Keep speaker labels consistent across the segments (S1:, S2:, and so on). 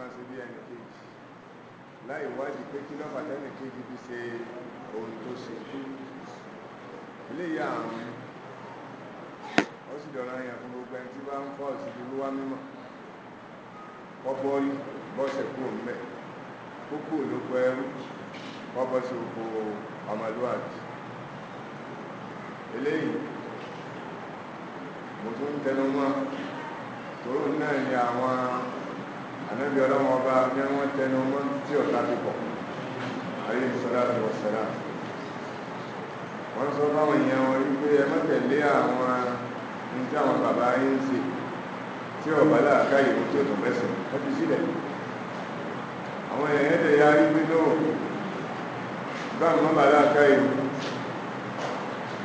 S1: máa ṣe bí ẹnì kejì láì wádìí pé kí lọ́fà tẹ́nì kejì fi ṣe ohun tó ṣe eléyà àrùn ó sì dọ̀rọ̀ àyàn fún gbogbo ẹni tí bá ń fọ́ sí ibi wá mímọ̀ kọ́bọ́ rí bọ́sẹ̀ kúrò kókó ló pẹ́ ẹrú kọ́bọ́ sí oko ọmọlúwàbí eléyìí mo tún tẹnu mọ́ tòun náà ni àwọn ànábì ọlọ́wọ́n ọba ni wọ́n tẹnu mọ́ tí ọ̀tá fi pọ̀ àrí ìsọ́lá àti wọ̀sẹ̀lá wọ́n sọ fáwọn èèyàn wọn wípé ẹ má tẹ̀lé àwọn ní tí àwọn bàbá yín ń ṣe tí ọ̀bá làákà ìwò tí ó tún mẹ́sìn ẹ fi sílẹ̀ àwọn èèyàn ẹ̀dẹ̀ ya rí pé náà báwọn mọ́ bàbá làákà ìwò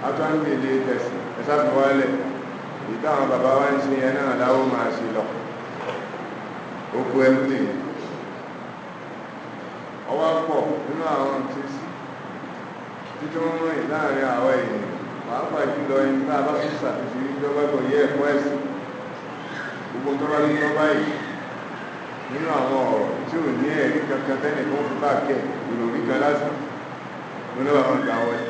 S1: atọ́nbìlì tẹ̀sí ẹ̀sàtúwálẹ̀ ìtàwọn bàbá wa ń ṣe yẹn náà láwọ́ máa ṣe lọ́kọ̀ oko ẹnu nìyẹn ọwọ́ pọ̀ nínú àwọn tí títí wọ́n mọ̀ láàrin àwọn èèyàn pàápàá jùlọ ẹni tá a bá tún ṣàtúnṣe ìjọba ẹ̀kọ́ yẹ ẹ̀kọ́ ẹ̀sìn gbogbo tó bá ní lọ́ba yìí nínú àwọn ọ̀rọ̀ tí ò ní ẹ̀rí kankan tẹ́lẹ̀ tó ń fi bá kẹ̀ ìròrí kan lásán nínú àwọn ìgbà wọn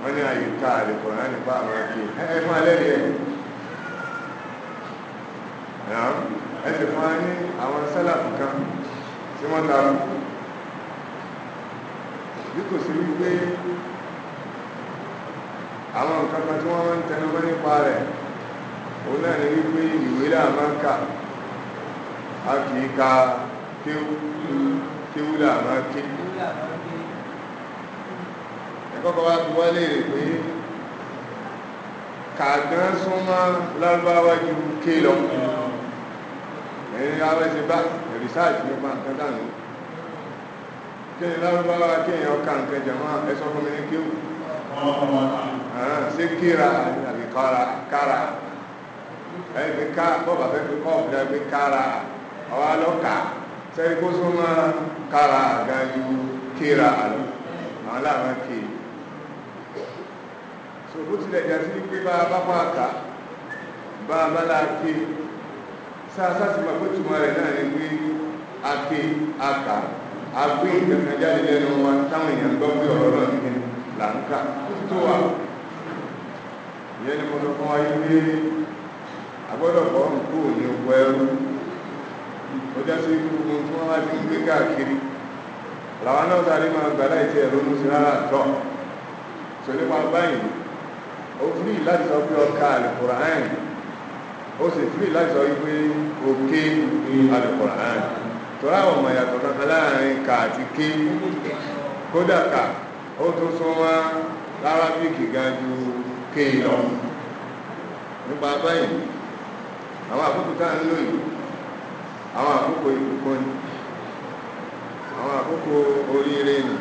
S1: wọ́n ní àyè ká àlèkọ̀ náà nípa àwọn akéè ẹ máa lẹ́rìí ẹ̀ ẹsẹ̀ fún wa ní àwọn sálàfù kan tí wọ́n ta kù bí kò sí wípé àwọn nǹkan kan tí wọ́n máa ń tẹnubọ́ nípa rẹ̀ òun náà ni wípé ìwé náà máa ń kà á kì í ka kéwú náà máa ń ké ẹ̀kọ́ kan wá fi wá léèrè pé kàgán súnmọ́ lárúbáwá ké lọ ẹ̀yin awẹ́ ti bá rìsáàjì nípa nǹkan dànù kí ni lárúbáwá kí èèyàn ka nǹkan jẹ̀ wọ́n ẹ sọ fún mi ní kéwù ṣé kíra àbí kára kára ẹni pé ká bọ́ọ̀bà fẹ́ fi kọ́ ọ̀bùdá pé kára ọ̀wá lọ́kà sẹ́yìn kó sún mọ́ kára àgájú kíra àlọ́ àwọn aláàmọ́ kéè so bó tilẹ̀ sí pé bá a bá pa àkà bá a bá láà kéè tá a sáti máa gbótùmọ̀ rẹ̀ náà ni pé àpè àkà àgbé ìkẹ̀kẹ̀ jáde lẹ́nu wa táwọn èèyàn gbọ́ pé ọ̀rọ̀ náà nìyẹn là ń kà tó wà ìyẹn ni mo sọ fún wa yí pé agbọ́dọ̀ kọ́ ń kú òní oko ẹrú ó já sí gbogbo tí wọ́n bá ti ń gbé káàkiri làwọn náà sáré máa gbà láì tiẹ̀ ronú sí rárá tọ́ sọ nípa báyìí ó fún láti sọ pé ọkà àlùkùránì ó sì fún ìlàjọ wípé òkè ní alùpùpù àárín tọ́lá àwọn ọmọ ìyàtọ̀ kankan láàrin kà àti ké kódà kà ó tó sún wá lárabíkì ga ju ké lọ nípa báyìí àwọn àkókò tá à ń lò yìí àwọn àkókò ìkókó ni àwọn àkókò oríire ni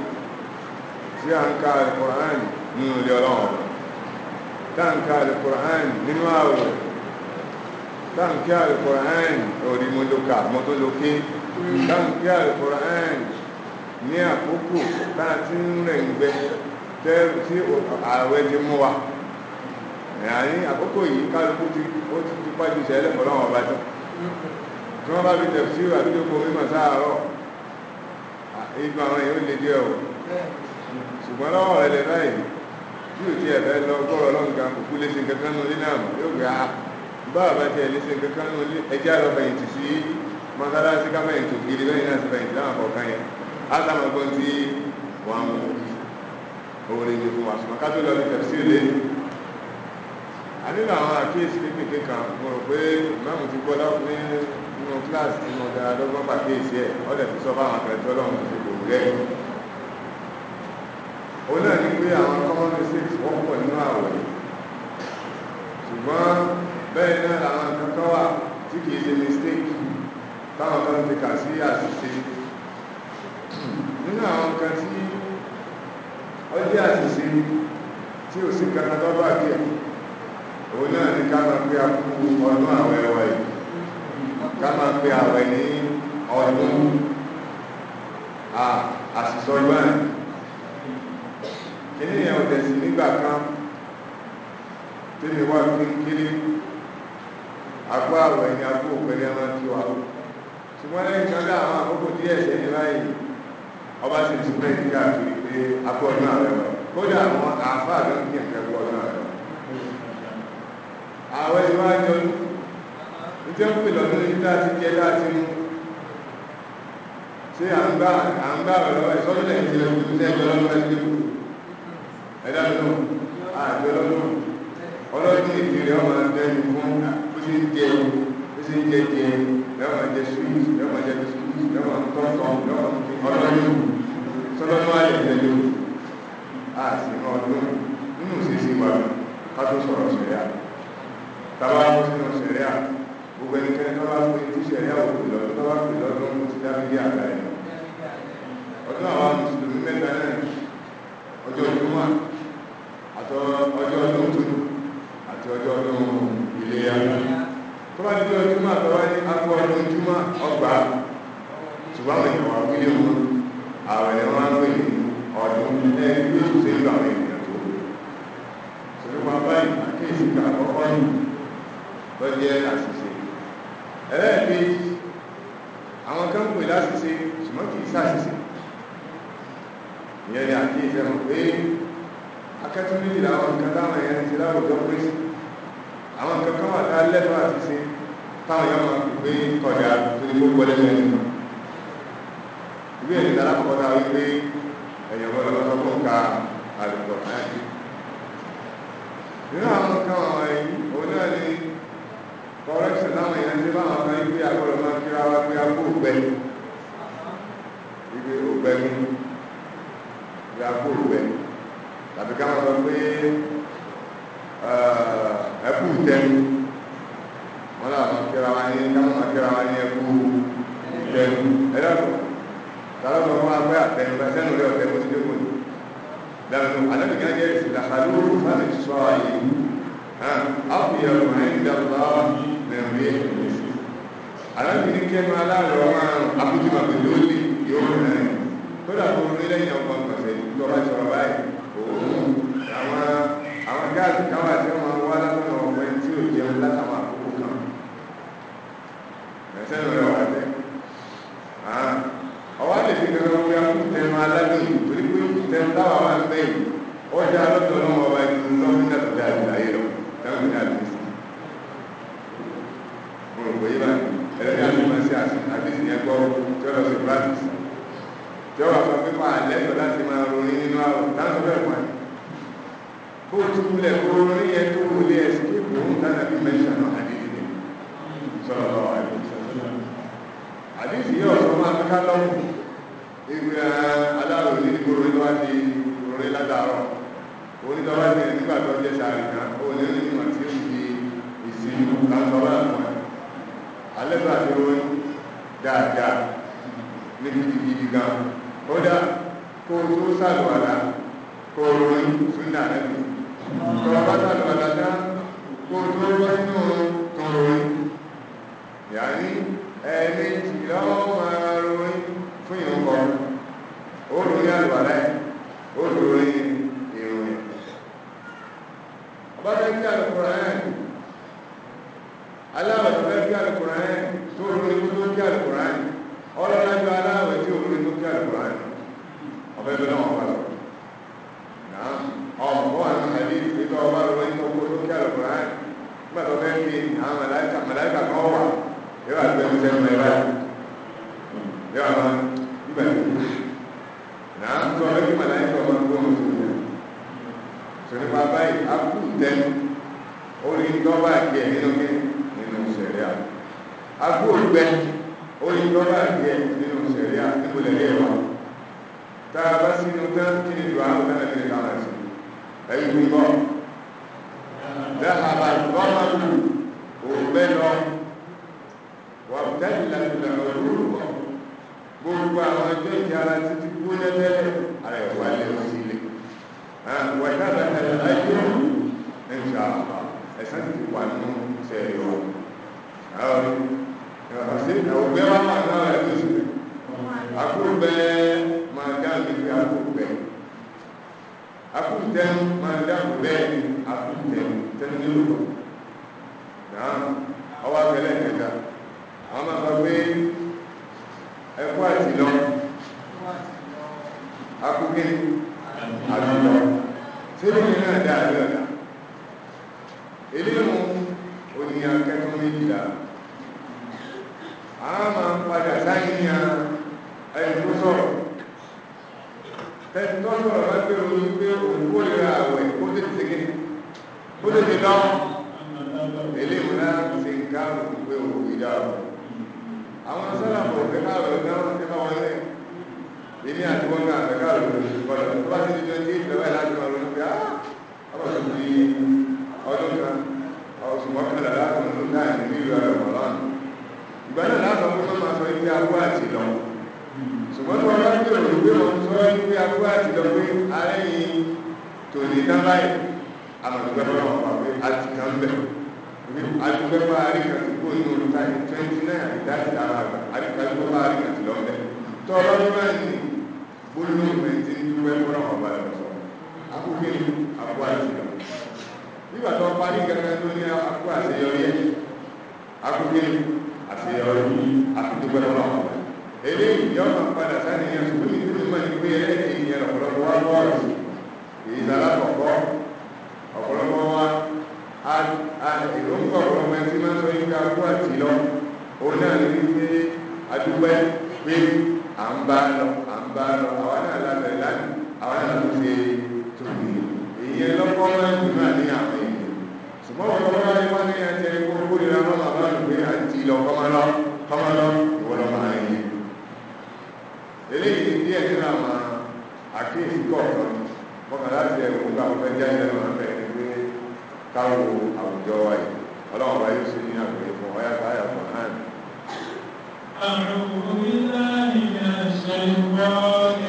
S1: tí a ń ka alùpùpù àárín nínú ilé ọlọ́run tá à ń ka alùpùpù àárín nínú àwòrán táǹkì alukoran orí mo ló ka mo tó ló ké táǹkì alukoran ní àkókò tá a ti ń rẹ̀ ń gbẹ o tí ààrẹ ti mú wa ní àkókò yìí kálukú ti o ti ti pàjù sẹ́lẹ̀ pọ̀ lọ́wọ́ ọba tán tí wọ́n bá fi tẹ̀ sí àdúgbò mímọ̀ sáàárọ̀ ìgbà àwọn èèyàn lè díẹ̀ o ṣùgbọ́n lọ́wọ́ rẹ̀ lẹ́ báyìí tí ò tiẹ̀ fẹ́ lọ gbọ́rọ̀ lọ́nkà kò kú lé sí kankan nínú ilé náà yóò gbé a baba se báwa bá tiẹ̀ lé ṣe nǹkan kan nínú ilé ẹjẹ́ àlọ́ fẹ̀yìntì sí mọ́sálásí ká fẹ̀yìntì ògiri bẹ́ẹ̀ náà sì fẹ̀yìntì láwọn kọ̀ọ̀kan yẹn átàmọ̀gbọ́n tí wọ́n mú orin ní fún wa ṣùgbọ́n ká tó lọ ní tẹ̀síì lé a nílò àwọn àkíyèsí kéékèèké kan mo rò pé ìmáàmù ti gbọ́ láwọn ní nínú kíláàsì nínú ọ̀dà lọ́gbọ́n pàkíyèsí ẹ̀ ọ̀dẹ̀ ti sọ fáwọn akẹ́kọ̀ọ́ lọ́wọ́ ti gbòòrò rẹ̀ òun náà ní pé àwọn common mistakes wọ́pọ̀ nínú àwẹ̀ ṣùgbọ́n bẹ́ẹ̀ náà làwọn nǹkan kan wà tí kìí ṣe mistake táwọn kan ti kà sí àṣìṣe nínú àwọn nǹkan tí ó jẹ́ àṣìṣe tí ò sí kankan tó bá kẹ̀ òun náà ni ká máa pe akú ọdún àwẹ̀ wa yìí ká máa pe àwẹ̀ ní ọdún àṣìṣọ ìwọ̀n kí ni ìyẹn ò tẹ̀sí nígbà kan tí mi wá kékeré àpò àwọ̀ ẹni àpò òpẹ̀lẹ̀ ọmọ tí wà ṣùgbọ́n lẹ́yìn kan àwọn àkókò díẹ̀ lẹ́yìn báyìí ọba ti tún pé ọdún wọn kódà àwọn ọdún wọn. àwọn ní pè lọ́dún ní dá ti jẹ́ dá ti mú ṣé à ń gbà à ń gbà ọ̀rọ̀ lẹ́yìn lọ́dún ẹ̀dá lọ́dún àjọ lọ́dún ọlọ́dún ọmọ ṣe ń jẹ ewu ó ṣe ń jẹ jẹ ewu lẹ́wọ̀n jẹ sweet lẹ́wọ̀n jẹ biscuit lẹ́wọ̀n tọ́tọ̀ lẹ́wọ̀n ọlọ́yọ̀ sọlọ́dún ayé ìtẹ́lẹ̀ ewu a sì ń ọdún nínú ìṣesí wa ká tó sọ̀rọ̀ sẹ̀ríà tábà kó sínú sẹ̀ríà gbogbo ẹnikẹ́ni tó bá pè tí sẹ̀ríà ò pè lọ́dún tó bá pè lọ́dún ó ti dá mi dé àgbà ẹ̀ ọdún àwọn mùsùlùmí mẹ́ta náà ọjọ́ ìjùmọ̀ àtọjọ́ ọdún tuntun àti ọjọ́ ọdún ìléyà tó bá dúró ojúmọ́ àtọwá ní akọ ọdún ojúmọ́ ọgbà ṣùgbọ́n àwọn èèyàn wà wílé wọn àwọn èèyàn wá ń pè ní ọdún ẹni bí oṣù sí ìlú àwọn èèyàn tó ṣùgbọ́n wọn báyìí àkéèsì ìgbà àkọ́kọ́ yìí lọ jẹ́ àṣìṣe ẹlẹ́ẹ̀kejì àwọn kan pè láṣìṣe ṣùgbọ́n kì í ṣàṣìṣe ìyẹn ni àkéèsì ẹ̀hún pé akẹ́tùmíjì làwọn kan táwọn èèyàn ti láwùjọ pèsè àwọn nǹkan wà tá a lẹ́tọ̀ọ́ àti ṣe táwọn yóò máa fi pé kọjá torí ó wọlé lẹ́nu lọ. ìwé ẹ̀rí dára kọ́kọ́ náà wí pé ẹ̀yàn bọ́ lọ́wọ́ sọ́kùn ka àlùkò káàkiri. nínú àwọn nǹkan àwọn ẹ̀yìn òun náà ni correction láwọn èèyàn ṣe báwọn kan yí pé agbọ́dọ̀ máa kíra wá pé agbó ògbẹ́ ibi ògbẹ́ mi agbó ògbẹ́ tàbí ká máa pé níbi àwọn màláìkà màláìkà kan wà yóò wà gbẹmú sẹ́nu ẹ̀ báyìí yóò wà máa nígbà tó kù náà tó ọ̀rẹ́ kí màláìkà ọmọ tó ń sùn ní sọ̀rọ̀ nípa báyìí á kú tẹnu ó ní dọ́bà tiẹ̀ nínú kí nínú sẹ̀ríà á kú ògbẹ́ ó ní dọ́bà tiẹ̀ nínú sẹ̀ríà níbo lẹ́lẹ́ wa tá a bá sínú tán kí ni ìlú àwọn tán lẹ́lẹ́ káwọn ẹ̀sìn ẹ̀yìn gbọ́. ذهب الظمأ fẹ́ lọ wà dájú láti lọ rúrù wọ gbogbo àwọn ẹgbẹ́ ìdí ara ti ti kú lẹ́lẹ́lẹ́ ara ìwà lè lọ sí ilé wà dára ẹ̀rọ ayé ẹ̀ṣà ẹ̀sán ti wà nínú iṣẹ́ ìwọ. Àṣé ọ̀gbẹ́ wa máa náà ẹ̀ tó ṣe. Akúrúbẹ máa dá mi fi akúrúbẹ. Akúrúbẹ ń àpò àṣeyọ nígbà tó parí gẹ́gẹ́ tó ní àpò àṣeyọrí ẹ akókèrè àṣeyọrí àfitúgbẹ lọ́wọ́ eléyìí yọ máa padà sáré yẹn ṣùgbọ́n ní ìlú mọ̀ ní pé ẹlẹ́yìn yẹn lọ́pọ̀lọpọ̀ wá lọ́ọ̀rọ̀ èyí sára kọ̀kọ́ ọ̀pọ̀lọpọ̀ wa èròǹgbà ọ̀pọ̀lọpọ̀ ẹni tí máa ń sọ yín ká kó àti lọ òun náà ní wípé adúgbẹ́ pé à ń bá lọ à ń bá lọ ẹlòmí àti lọ kọ́mọ́lọ́ kọ́mọ́lọ́ ìwọ́lọ́ máa ń yé eléyìí ti díẹ̀ nínú àwọn àkíyèsí kọ̀ọ̀kan mọ́kànlá ti ẹ̀wò nípa àwọn fẹ́ jáde lọ́wọ́ ń bẹ̀ ní pé káwọ àwùjọ wa yìí ọlọ́run bá yóò ṣe ní àgbèrè fún ọyá táyà fún hàn.
S2: àwọn òbí náà ní àṣẹ ìwọ́ọ̀dẹ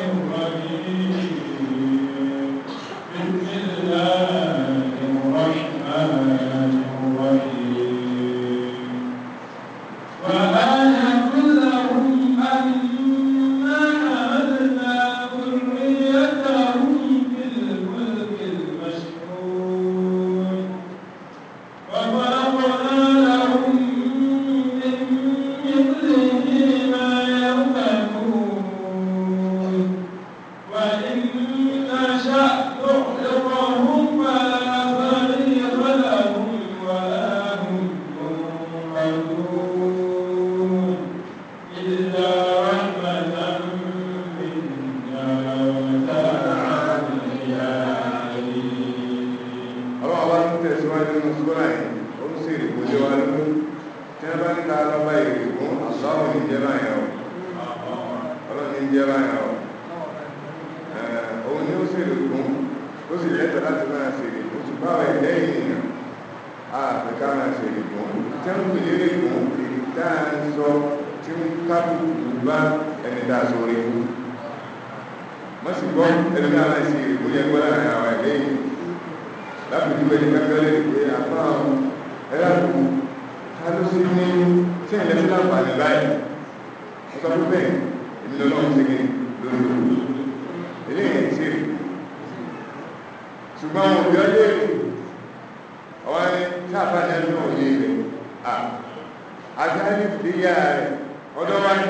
S1: gbọ́ ẹlòmí àwọn àti ìrìkò yẹ gbọ́ láàrin àwọn ẹ̀mí yìí lápẹ̀jú ẹni kankan lè pé apá àwọn ẹlẹ́dùn ká ló sì ní tí ìlẹ̀ fún àǹfààní báyìí mo sọ fún bẹ́ẹ̀ èmi lọ́nà ìṣègbè lórí òkú eléyìí ti rí ṣùgbọ́n àwọn òbí ọdẹ ọwọ́ ni tí àbájá náà yé rẹ̀ àti àyè ìdíyà rẹ̀ ọdọ́ wáyé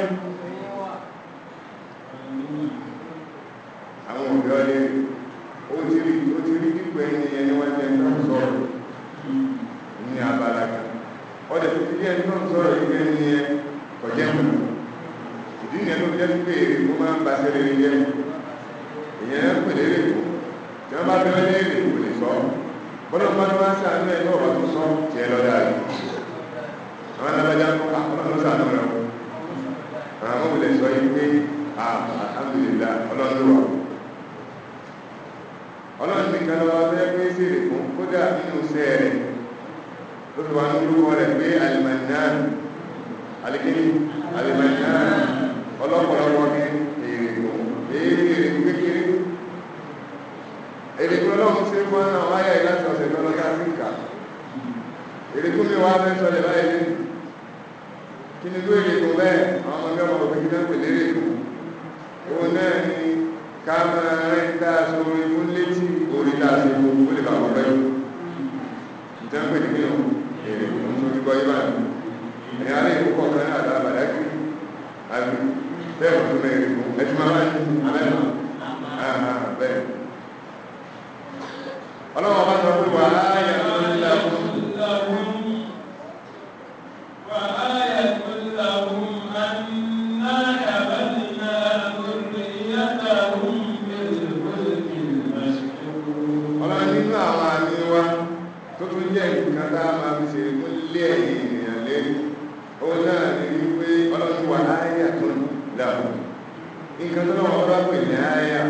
S1: nǹkan tó lọ́wọ́ bá pè ní àyà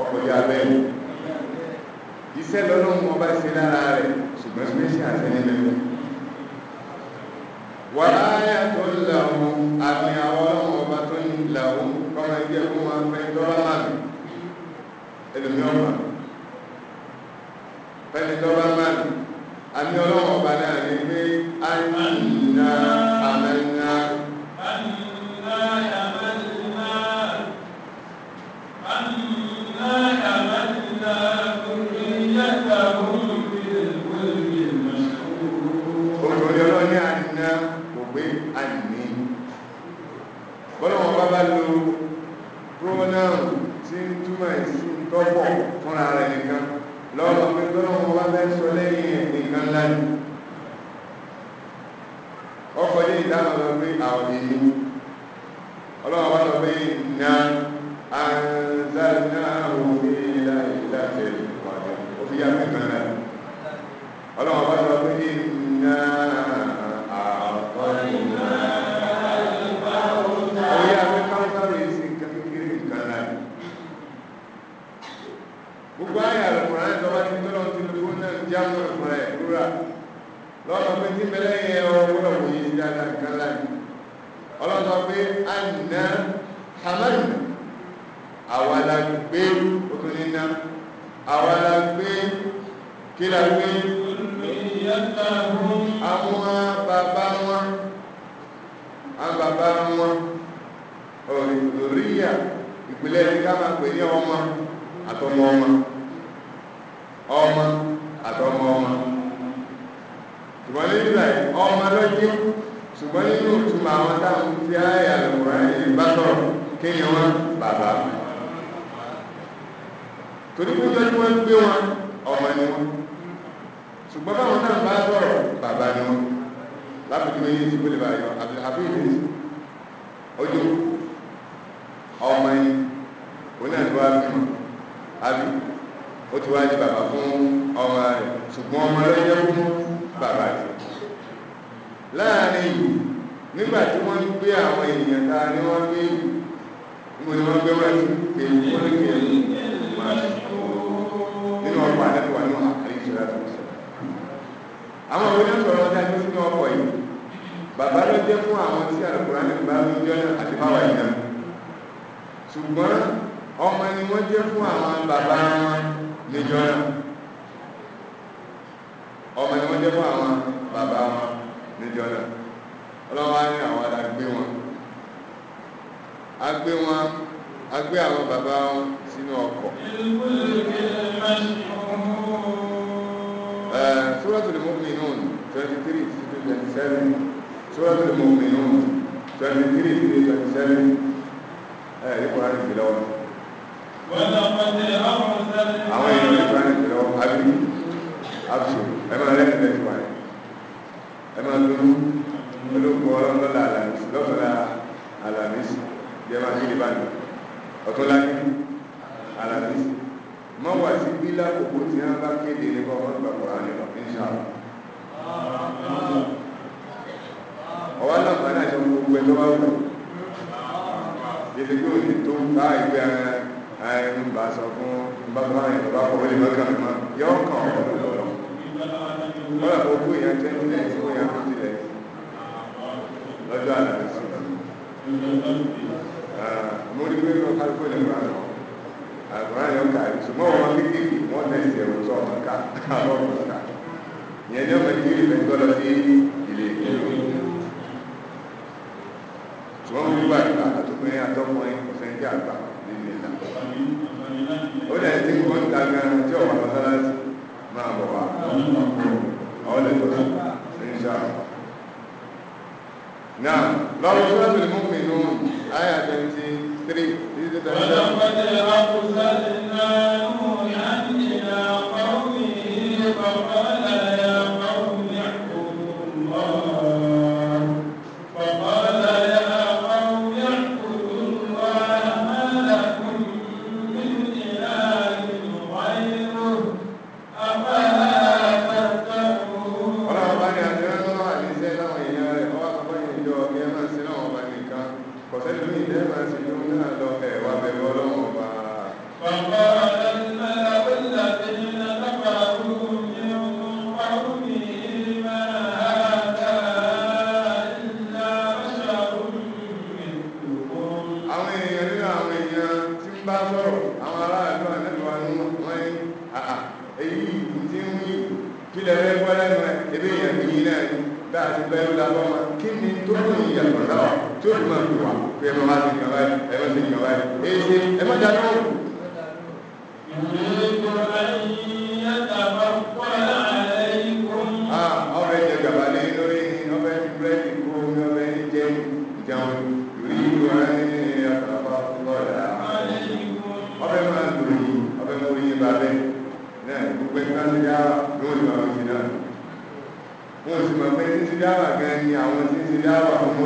S1: ọkọ̀já abẹ́rù iṣẹ́ lọ́lọ́run ọba ṣe lára rẹ̀ ṣùgbọ́n méjì àtẹ́lẹ́ mẹ́rin wà áyà tó làwọn àmì àwọn ọlọ́run ọba tó ń làwọn kọ́mọ ẹgbẹ́ fún wọn fẹ́ dọ́rọ́ màmì ẹlòmí ọba fẹ́ni dọ́rọ́ màmì àmì ọlọ́run ọba náà ní pé àyà náà náà tí ń túmọ̀ ìsú tọ́pọ̀ fúnra rẹ̀ nìkan lọ́wọ́ pé tọ́lọ́wọ́ bá fẹ́ sọ lẹ́yìn nìkan láti ọkọ̀ ní ìdáhùn lọ pé àwọn èyí ọlọ́wọ́ bá sọ pé ìná àrùn gbé òtún níná àwa la gbé kí la gbé àwọn bàbá wọn àwọn bàbá wọn òrìyà ìpìlẹ̀ ká máa pè ní ọmọ àtọmọ ọmọ ọmọ àtọmọ ọmọ ṣùgbọ́n nínú ìlà ọmọ lọ́jẹ́ ṣùgbọ́n nínú ìtumọ̀ àwọn táwọn fi àyà lọ́wọ́ bá sọ̀rọ̀ kéèyàn wọn bàbá wọn. torí pé jọ́jú wọn gbé wọn ọmọ ni wọn ṣùgbọ́n báwọn náà bá sọ̀rọ̀ bàbá ni wọn lábùkù ní yéésù pé lè bá yọ àbí ìdíyèsí ojú ọmọ yìí onídàájú wa bí àbí ó ti wá di bàbá fún ọmọ rẹ̀ ṣùgbọ́n ọmọ rẹ̀ yẹ fún bàbá rẹ̀ láàrin ìlú nígbà tí wọ́n ń gbé àwọn èèyàn ta ni wọ́n gbé ìlú níbo ni wọ́n gbé wọ́n ti kéwì wọ́n kéwì máa ṣe. àwọn òwe náà sọ̀rọ̀ ọjà tó sínú ọkọ̀ yìí bàbá ló jẹ́ fún àwọn tí àlùkùránì bá ló jẹ́ àti báwa yìí náà ṣùgbọ́n ọmọ ni wọ́n jẹ́ fún Suratul Mu'minun 23 to 27 Suratul Mu'minun 23 to 27 ẹ̀rí kùránì fi lọ́wọ́. àwọn
S2: èèyàn
S1: ní kùránì fi lọ́wọ́ àbí àbṣù ẹ máa rẹ́ ẹ̀rẹ́ ìwà rẹ̀ ẹ máa dúró olóko ọlọ́mọlá àlàmísì lọ́fọ̀lá àlàmísì bí ẹ máa kí ni bá lọ ọ̀tún lágbègbè mọ́ wà sí bí lákòókò tí wọ́n bá kéde ní kọ́ wọ́n gbàgbọ́ àná lọ ní sáà. ọwọ́ náà náà ṣe gbogbo ẹ̀ tó bá wù. yẹtí pé òní tó ń bá ìgbé ẹ̀ ń bá sọ fún bàbá àyìn bàbá kọ̀wé lè mọ́kàn mọ́ yọ kàn ọ́ lọ́wọ́. wọ́n lọ fọ́ fún ìyẹn tẹ́lẹ̀ ní ìfún ìyẹn tó tilẹ̀ lọ́jọ́ àlàyé sí i. mo rí pé kálukú ìlẹ̀ àkùrá yẹn kà yìí ṣùgbọ́n wọn ní kíkì wọn lè ṣe ẹ̀rù sọ ọ̀hún ká àwọn ọ̀hún ká ìyẹn ní ọmọ ìdílé rẹ̀ gbọ́ lọ sí ilé ìlú ṣùgbọ́n wọn gbà ìgbà àtọkùnrin àtọkùnrin ọ̀sẹ̀ ń jẹ́ àgbà nínú ìlà ó dẹ̀ ti kọ́ ń daga tí ọ̀wà lọ́sálásí máa bọ̀ wá àwọn ọ̀lẹ́kọ̀ọ́ náà lọ́rọ̀ tó lọ́tọ̀ mú mi nù àyà 23 títí tẹ̀lé.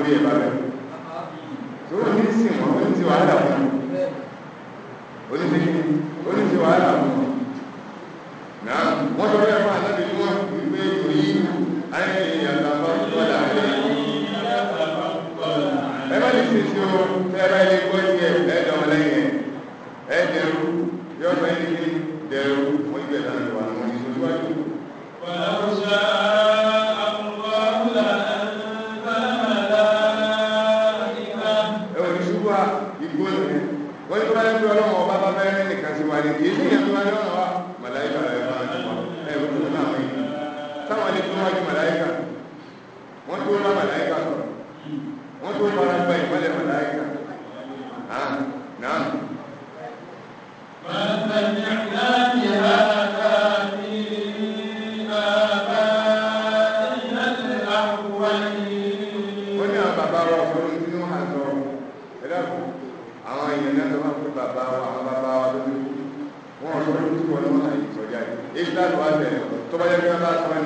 S1: voleva níwájú màláíkà wọ́n tó bá màláíkà sọ̀rọ̀ wọ́n tó bára gba ìmọ́lẹ̀ màláíkà náà. Màtà ní àdáni àdá ní bàbá ìyáṣẹ́ àkùwá yìí. Ó ní àwọn bàbá wa ọ̀gbọ́n tí wọ́n hàn sọ ẹ̀dàkùn àwọn èèyàn náà lọ́wọ́ pé bàbá wa wọn ọ̀sọ́ lórí wọn lọ́wọ́ àyè ìtọ́jà yìí. Èyí láti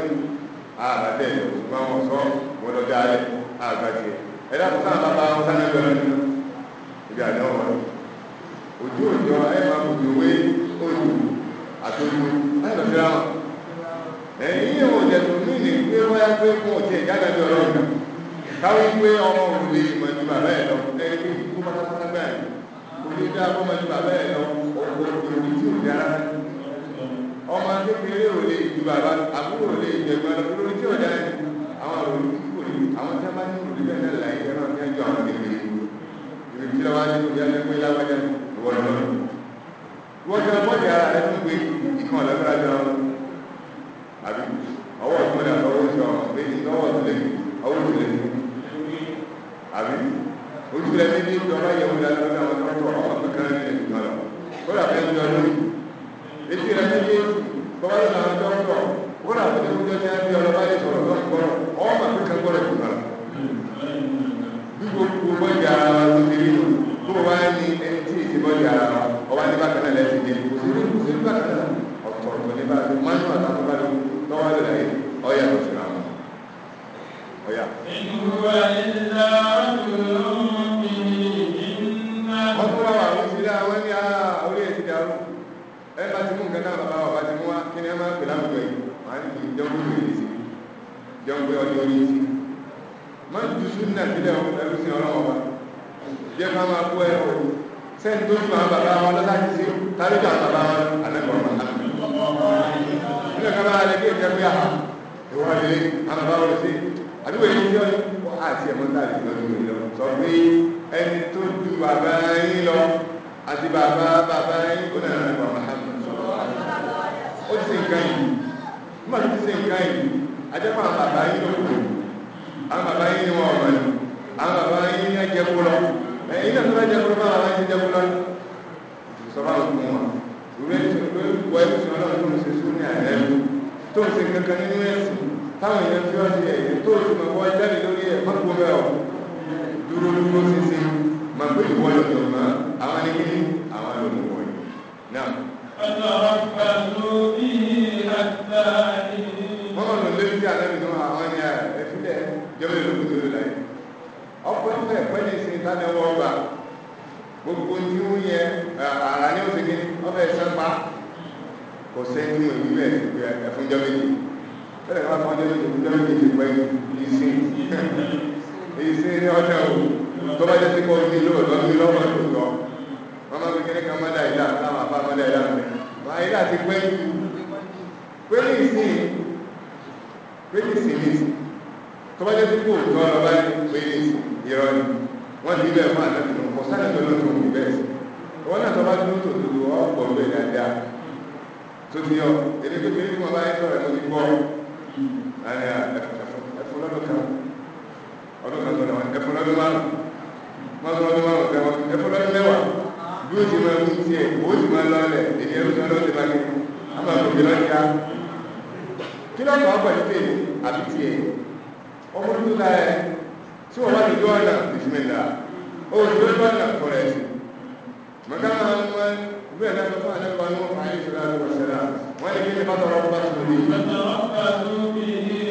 S1: àbàtẹ ìgbà wọn sọ wọn lọ dáadẹ àbàtẹ ẹ dàpọ̀ sáà bàbá wọn sáà lọ nínú ibi àdá wọn ojú òjò ẹ máa bùjú wé ojú àtòjú láìlọ síra wọn ẹ̀yìn yìí wọn jẹ tó ní ní pé wọn yá pé kó ọtí ẹjá dàbí ọ̀rọ̀ ọgbà káwé pé ọmọ òun lè mọ ju bàbá ẹ lọ ẹ kí kó pátápátá gbà yìí kò ní dá kó mọ ju bàbá ẹ lọ ọkọ kékeré ò lè ju bàbá àbúrò ò lè jẹ gbọ́dọ̀ olórí tí ọ̀dà ẹ̀ àwọn àròyìn tí kò ní àwọn tí a bá ní olórí bẹ́ẹ̀ náà láyé náà ní ẹjọ́ àwọn kékeré ìrìn tí wọ́n á ní olórí ẹgbẹ́ láwájá wọ́n jọ wọ́n jọ bọ́ọ̀dì ara rẹ̀ ń gbé ìkan ọ̀lẹ́gbẹ́ra jọ jẹ́ pé àhà ìwọ ilé alábáwọ̀ lè sí àdúgbò yìí ní ọ̀nà wọ́n á ti ẹ̀mọ́ náà lè lọ́dún mi lọ sọ pé ẹni tó ju bàbá yín lọ àti bàbá bàbá yín ó nàá rẹ̀ bàbá hàn ó ti ṣe nǹkan yìí nígbà tó ti ṣe nǹkan yìí ajẹ́pọ̀ àwọn bàbá yín ló kù àwọn bàbá yín ni wọ́n ọ̀rọ̀ ni àwọn bàbá yín ni ẹ̀jẹ̀ kú lọ ẹ̀yin náà tó bá jẹ́ kú lọ bá bàbá yín jẹ́ kú lọ sọ fún àwọn ọmọ wọn ìwé ìwé ìwé ìwé ìwé ìwé ìwé tó ń ṣe kankan nínú ẹ̀sìn táwọn èèyàn fi ọdún ẹ̀yẹ tó ti mọ̀ wọ́n jáde lórí ẹ̀ mọ́kò bẹ́ẹ̀ ọ̀ dúró dúró ṣíṣe mà pé ìwọ ló lọ mọ́ àwọn nígbìlì àwọn ló mọ̀ wọ̀nyí. wọ́n mọ̀ lórí sí àlẹ́bí tó àwọn ní ẹ̀fílẹ̀ jọ́mọ̀ ìlú kò tó lọ láyé. ọ̀pọ̀ ìfẹ́ ẹ̀pẹ́ ní ìsìn ìtànẹ́wọ̀ ọgbà gbogbo ní kò sẹ́ni mọ̀ ní bẹ́ẹ̀ pé ẹ̀fúnjọ́ méjì bẹ́ẹ̀ wá fọ́njọ́ méjì fúnjọ́ méjì ti pẹ́ ìsìn ìsìn ní ọjà o tó bá jẹ́ sí kọ́ ní lóòótọ́ ní lọ́wọ́ tó lọ wọ́n máa fi kéde kan mọ́dà ìlà táwọn àbá mọ́dà ìlà rẹ̀ wọ́n ayé láti pẹ́ pé ní ìsìn pé ní ìsìn ní ìsìn tó bá jẹ́ sí kó òótọ́ lọ bá ní pé ní ìsìn ìrọ̀ ni wọ́n ti bẹ́ẹ̀ fún àtàkùn kọ̀sánà tó lọ́tọ̀ òun bẹ́ẹ̀ wọ́n náà tó bá dúró tòtò ọ̀pọ̀ tó ti yọ èmi tó ti ní kí wọn báyìí sọ̀rọ̀ ẹ̀ mo ti gbọ́ ẹ̀fọn lọ́dún kan ọdún kan sọ̀rọ̀ ẹ̀fọn lọ́dún márùn wọ́n sọ ọdún márùn tẹ́wọ́ ẹ̀fọn lọ́dún mẹ́wàá bí ó ti máa ń tiẹ̀ ó sì máa lọ́ọ̀lẹ̀ èmi ẹ̀rú sọ lọ́ọ̀lẹ̀ bá mi àmà tó fi lọ́ọ̀kì á kí lọ́ọ̀kì wá pẹ̀lú pé àbí tiẹ̀ ọmọ tó ta ẹ̀ tí wọ́n bá ti dọ́ ọ̀nà bìsímẹ́lá ó ti dọ́ ọ̀nà kọ̀rẹ́ mọ̀ká máa ń فعلا فقال قال نوح عليه الصلاه والسلام ولكن قد ربطت به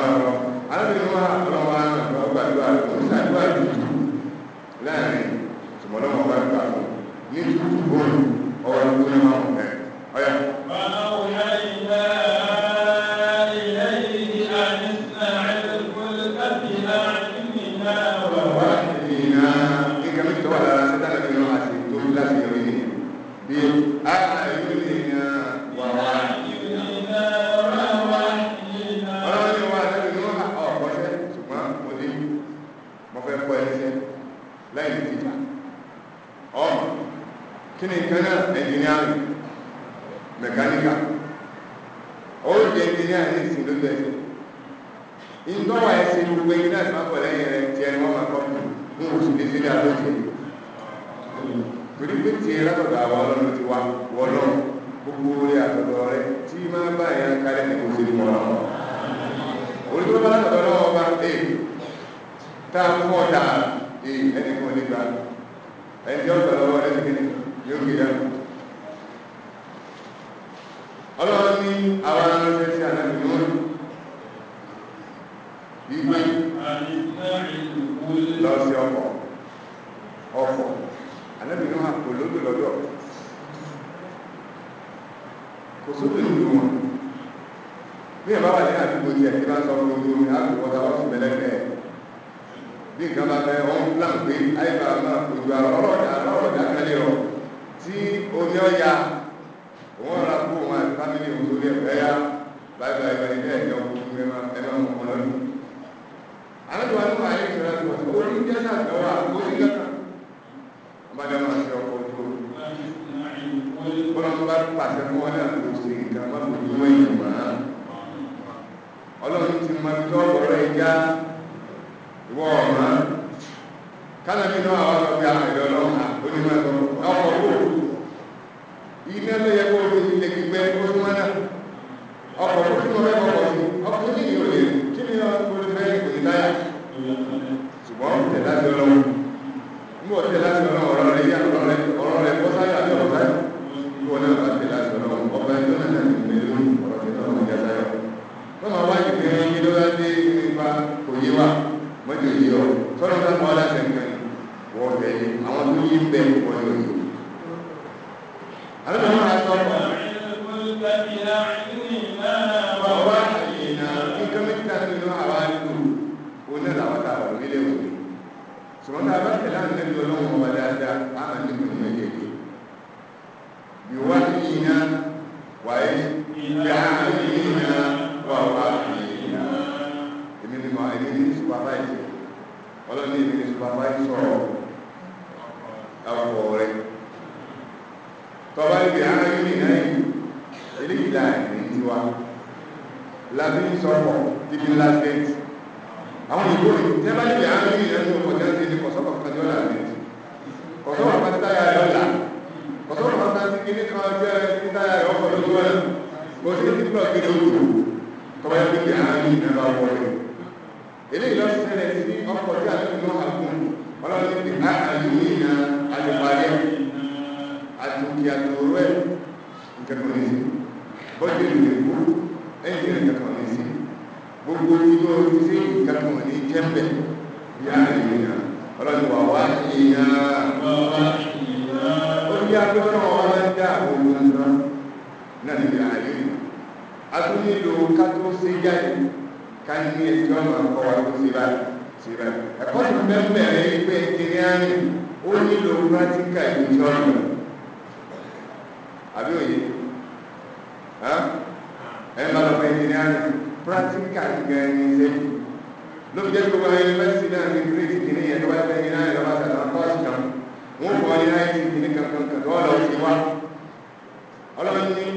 S1: máa lọ alábìnrin wa ọlọ́wọ́ àrùn lọ gbàdúrà tó ń ṣàdúrà dùdú láàrin tùmọ̀lọ́wọ́ gbàdúrà fún ní dúdú bóun ọwọ́ ìgbóná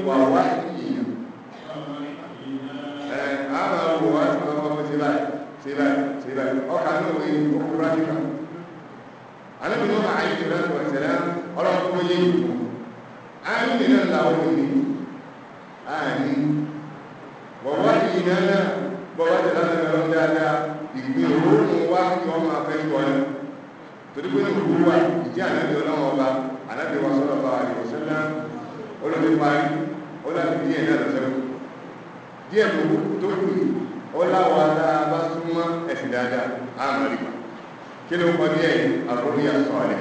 S1: ìwà wá ìyàn ẹ̀ á máa wò wá ọmọ ti láì ti láì ti láì ọkà ní òwe òkú rájìkà alẹ́bí ló máa yìí rẹ̀ lọ ìṣẹ̀lẹ̀ ọlọ́run tó yé ìlú ààyè nìyẹn là ó lè ní ààyè bọ̀wá ìyàn náà bọ̀wá tẹ̀lá lẹ́nu ọ̀rọ̀ dáadáa ìgbìn òórùn wá kí wọ́n máa fẹ́ yọ ẹ torí pé ìlú wa ìdí àlẹ́bí ọlọ́run ọba àlẹ́bí wa sọ́dọ̀ bá àlè òṣèlú olómi parí láti díẹ̀ náà lọ sẹ́kù díẹ̀ tó kù tó kù yìí ọláwa tá a bá súnmọ́ ẹ̀sìn dáadáa á mọ̀ nípa kí ló ń kọ́ díẹ̀ yìí àkóríyà sọ àlẹ́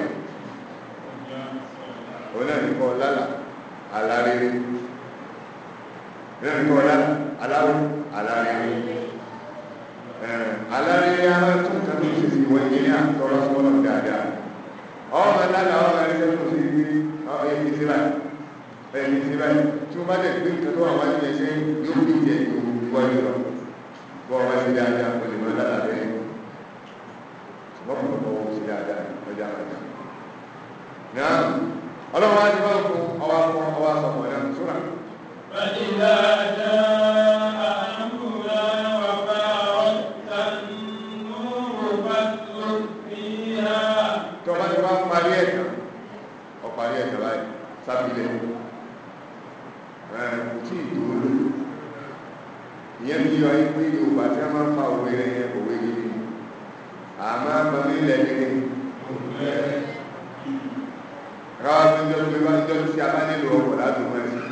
S1: òun náà ní kọ́ lálà alárere ìrìn kọ́ lálà aláwọ̀ alárere alárere àwọn tó ń kan tó ń ṣe sí wọ́n yẹn àtọ́rọ́ sọ́nà dáadáa ọmọ lálà ọmọ ẹni tó ń ṣe sí ọmọ ẹni tí báyìí ẹni tí báyìí tí wọ́n bá dẹ̀ gbé nǹkan tó wà wájú yẹn ṣe yóò ní jẹ ju wájú lọ bọ́ ọ bá ṣe dáadáa o lè máa dára bẹ́ẹ̀ ṣùgbọ́n kò lọ́wọ́ ṣe dáadáa ọjà àjà. náà ọlọ́run wá ti bá fún ọwọ́ fún ọwọ́ àpapọ̀ náà sóra. fàdílà tọ́ba ti wá parí ẹ̀ka ọ̀ ẹ̀ka báyìí sábìlẹ̀ kò tí ì tó lórí ìyẹn bí yọ ayé pé yorùbá tí wọn máa ń pa òwe rẹ yẹn òwe gidi ni àmọ́ àbọ̀lé ilẹ̀ gidi ni káwá tó ń jọ́ pé wọ́n ń jọ́ sí abánilò ọkọ̀ ládùn mọ́ ẹ̀sìn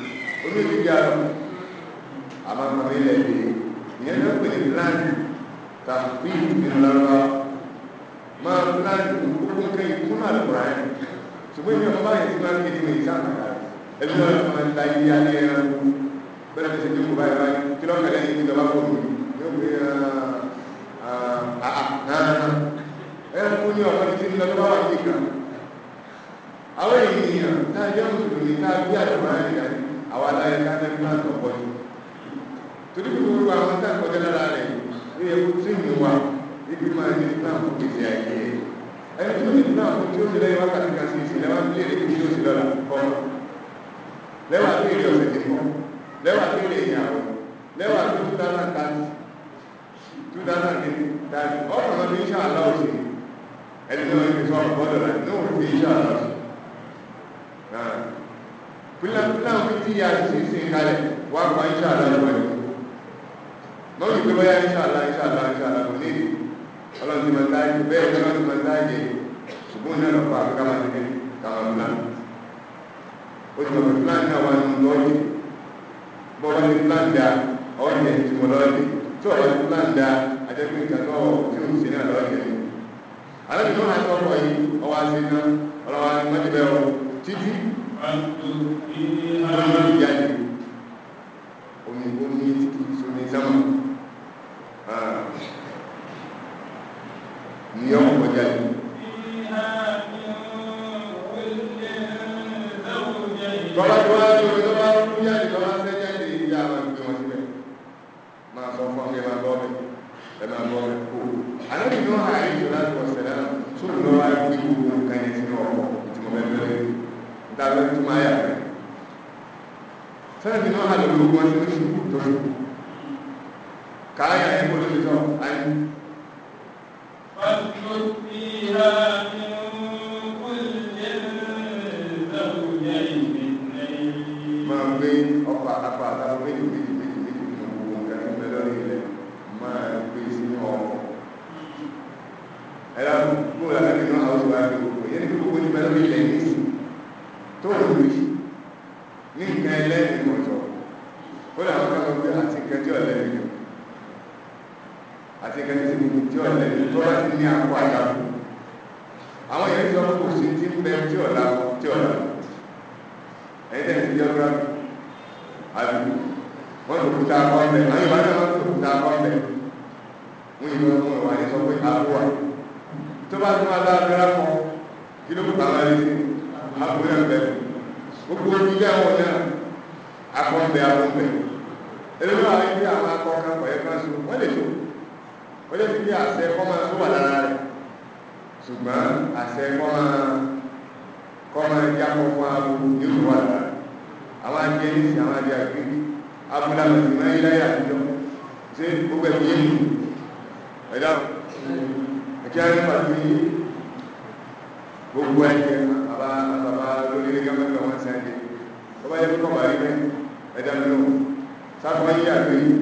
S1: onídìí àlọ́ àmọ́ àbọ̀lé ilẹ̀ gidi ìyẹn náà pè ní pílánì tàbí ìpinnu máa pílánì kókó kẹ́yìn kúnlá lọ́wọ́ rẹ̀ ṣùgbọ́n ìyẹn yẹn ti máa ń kéde ìwé ìsáàmù ẹbí náà lọ́wọ́ máa ń ta ilé alẹ́ ẹran bẹ́ẹ̀ bẹ́ẹ̀ ṣe kí kò báyìí báyìí kí lọ́ọ́ kẹlẹ́ yìí ìjọba kò lù yóò gbé ẹran kú ní ọ̀pọ̀ títí lọ lọ́wọ́ àwọn ìkan àwọn ènìyàn tá a jẹ́ mùsùlùmí tá a bí àtùmọ̀ àyíká àwọn aláyẹ ká ní plan tó pọ̀ jù torí kí gbogbo àwọn tá a kọjá lára rẹ̀ ní ewu tí mi wà ibi máa ní plan fún gbèsè àyè ẹni tó ní plan fún tí ó ní lẹ́yìn wákàtí kan sí ìsìn lẹ́wọ́n lé èdè kí ó sì lọ́la kọ́ ọ́ lẹ́wà béèrè ọ̀sẹ̀ tẹ̀kọ́ lẹ́wà béèrè ìyàwó lẹ́wà tó 2030 2030 ọ̀rọ̀ lọ́dún iṣẹ́ aláwọ̀ sí ẹni náà ń sọ ọ̀rọ̀ bọ́dọ̀ láti náà ń fi iṣẹ́ aláwọ̀ sí. pílánpílán fi tí ya sí sí kalẹ̀ wá pa iṣẹ́ aláwọ̀ ẹ̀ lọ́wọ́ ìgbé bọ́yá iṣẹ́ aláwọ̀ iṣẹ́ aláwọ̀ iṣẹ́ aláwọ̀ ní ọlọ́dún mọ̀táyé bẹ́ẹ̀ ni ọlọ́dún mọ̀táyé ṣùgbọ́n náà lọ́pàá kámá ó ti mọ̀ pé plan náà wà nínú lọ́ọ̀dì bọ́ bá ní plan da ọ̀ọ́dẹ̀ tí mo lọ́ọ̀dì tí ọ̀bá ní plan da ajẹ́pẹ́ ìtàkọ́ tí mo ṣe náà lọ́ọ̀dì ni. alábi náà sọ ọkọ yìí ọwọ́ àti iná ọlọ́wọ́ àti mọ́tìbẹ́ ọ títí. omi jáde omi omi títí omi sámà ah. ní ọkọ̀ jáde. bọ́lá tó wá ní omi tó bá rú jáde tó bá fẹ́ jáde ìyá àwọn ìgbé wọn síbẹ̀ máa sọ fún ọmọ ẹ máa bọ́ bẹ̀ ẹ máa bọ́ bẹ̀ kó àlejò tó hà ní ìjọba tó ọ̀sẹ̀ náà tó lọ wá ní gbogbo nǹkan yẹn sínú ọkọ̀ ìtumọ̀ mẹ́mẹ́rẹ́ dábẹ́ tó máa yà rẹ̀ sẹ́ẹ̀dì náà hà lórí ogun ọdún tó ṣubú tó ṣubú káyà ẹ̀ kó lóṣù tó àyè sí ti ń bẹ tí ọ̀la tí ọ̀la ẹ̀yìn tẹ̀ sí geography àbí wọ́n tó kúta ọ̀bẹ àwọn ìbá náà wọ́n tó kúta ọ̀bẹ wọ́n yìí wọ́n mú ìwà ní sọ pé àbú wa tó bá tún máa bá abẹ́rẹ́ kọ kí ló kó bàbá rí sí àbú náà bẹ̀ gbogbo ojú yà wọ́n náà akọ̀ọ̀bẹ akọ̀ọ̀bẹ ẹlẹ́nu àwọn ibi àwọn akọ̀ọ̀kan kọ̀ọ̀yẹ́ kan so wọ́n lè so wọ́n lè fi bí àṣẹ kọ́ máa tó wà lára rẹ̀ ṣùgbọ́n àṣẹ kọ́mọ kọ́mọ ẹja kọ̀ọ̀kan aburú yóò wà lára àwọn ajé ní sí àwọn ajé àgbègbè abúlé àmọ̀ ìgbìmọ̀ ayé láyé àtijọ́ ṣé gbogbo ẹ̀mí yé mi ẹ̀dá ẹ̀kí ayé pàtó yé gbogbo ẹ̀jẹ̀ bàbá bàbá lórí ẹ̀gá mẹ́ta wọn sí ẹ̀jẹ̀ bàbá yẹ kọ́ bàbá yẹ ẹ̀dá mi lọ sáfà yé àgbègbè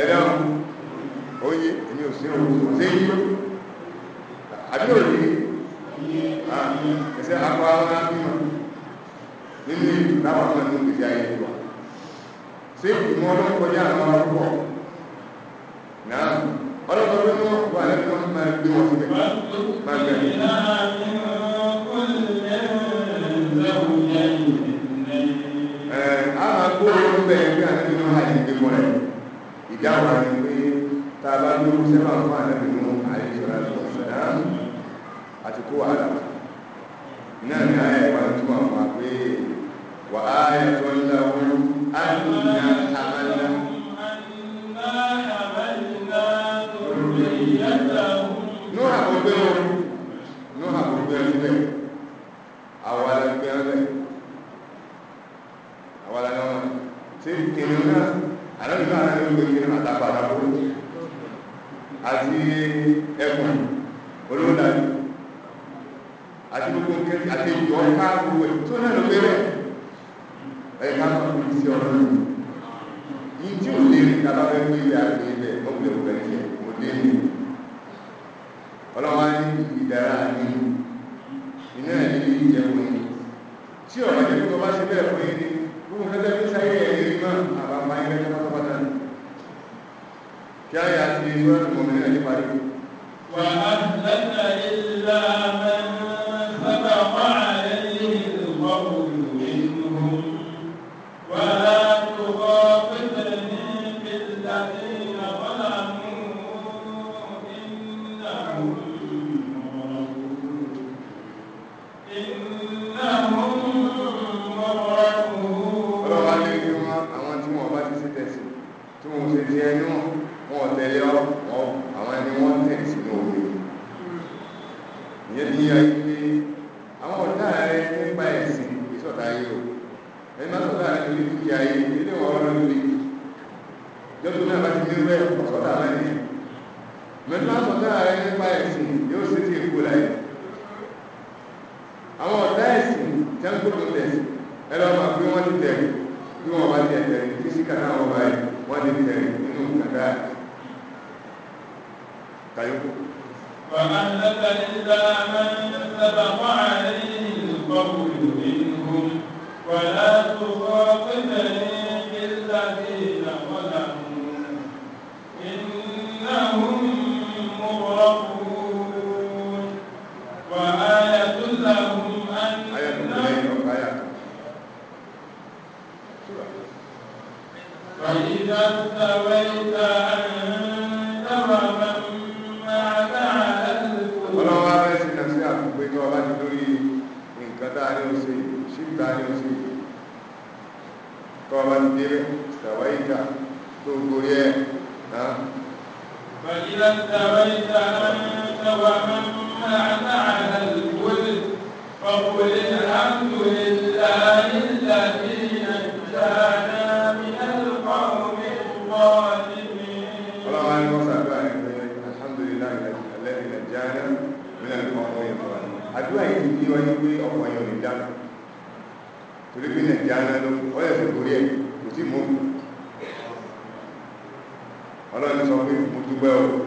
S1: ẹ̀dá òye èmi ò sí àbí òní ẹsẹ akọ àwọn abímọ nínú ìlú láwọn kan ní ìgbésí ayé wa ṣé ìmọ̀ ọlọ́run kọjá àwọn ọlọ́pọ̀ náà ọlọ́pọ̀ tó ní wọn wà lẹ́nu wọn máa gbé wọn síbẹ̀ máa gbẹ.
S2: ẹ á máa kó owó bẹ́ẹ̀ bí àlejò náà àti ìgbémọ̀ rẹ̀
S1: ìdáhùn àti pé àti kó wàhálà náà ní ayé wa tó wà fún wa pé wà á yẹ tó ń lọ wọn á ní ìyá àbálá. nú àkọ́gbé wọn nú àkọ́gbé wọn bẹ́ẹ̀ àwọn alágbé wọn bẹ́ẹ̀ àwọn alágbé wọn ṣé kìnìún náà àlọ́bí náà ló ń gbé kìnìún àtàkùn àtàkùn àti ẹkùn olóńdàbí àti gbogbo kẹrì àti ìjọ ká gbogbo ẹ̀ tó náà ló bẹ̀rẹ̀ ẹ̀ ká máa fi sí ọ̀rọ̀ yìí yìí tí ò lérí ká bá fẹ́ gbé ilé ilẹ̀ ọ̀gbìn ọ̀gbìn ẹ̀ àdúrà yìí ní ọyọ́ pé ọkọ̀ ayọ̀ lè dáná torí pé nàìjíríà náà ló ọyọ̀ sì lórí ẹ̀ kò sí mú ọlọ́run sọ pé mo dúpẹ́ o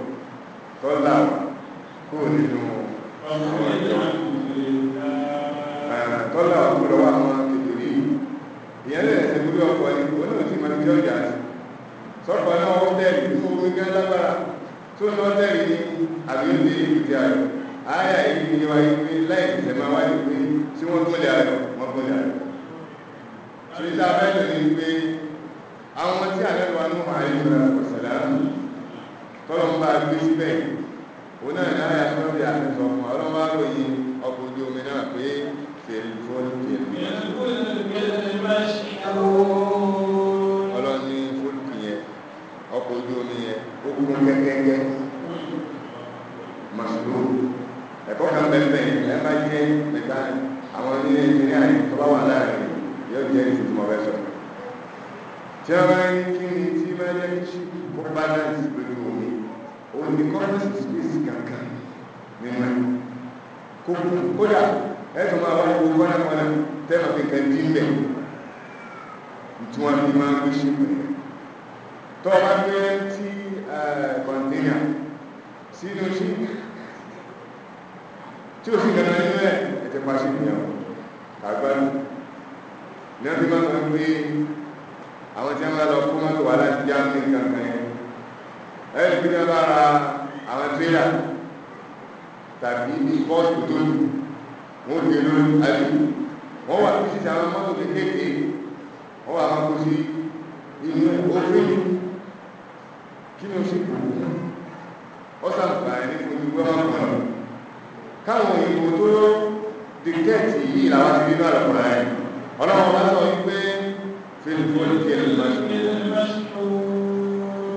S1: الملك المشهور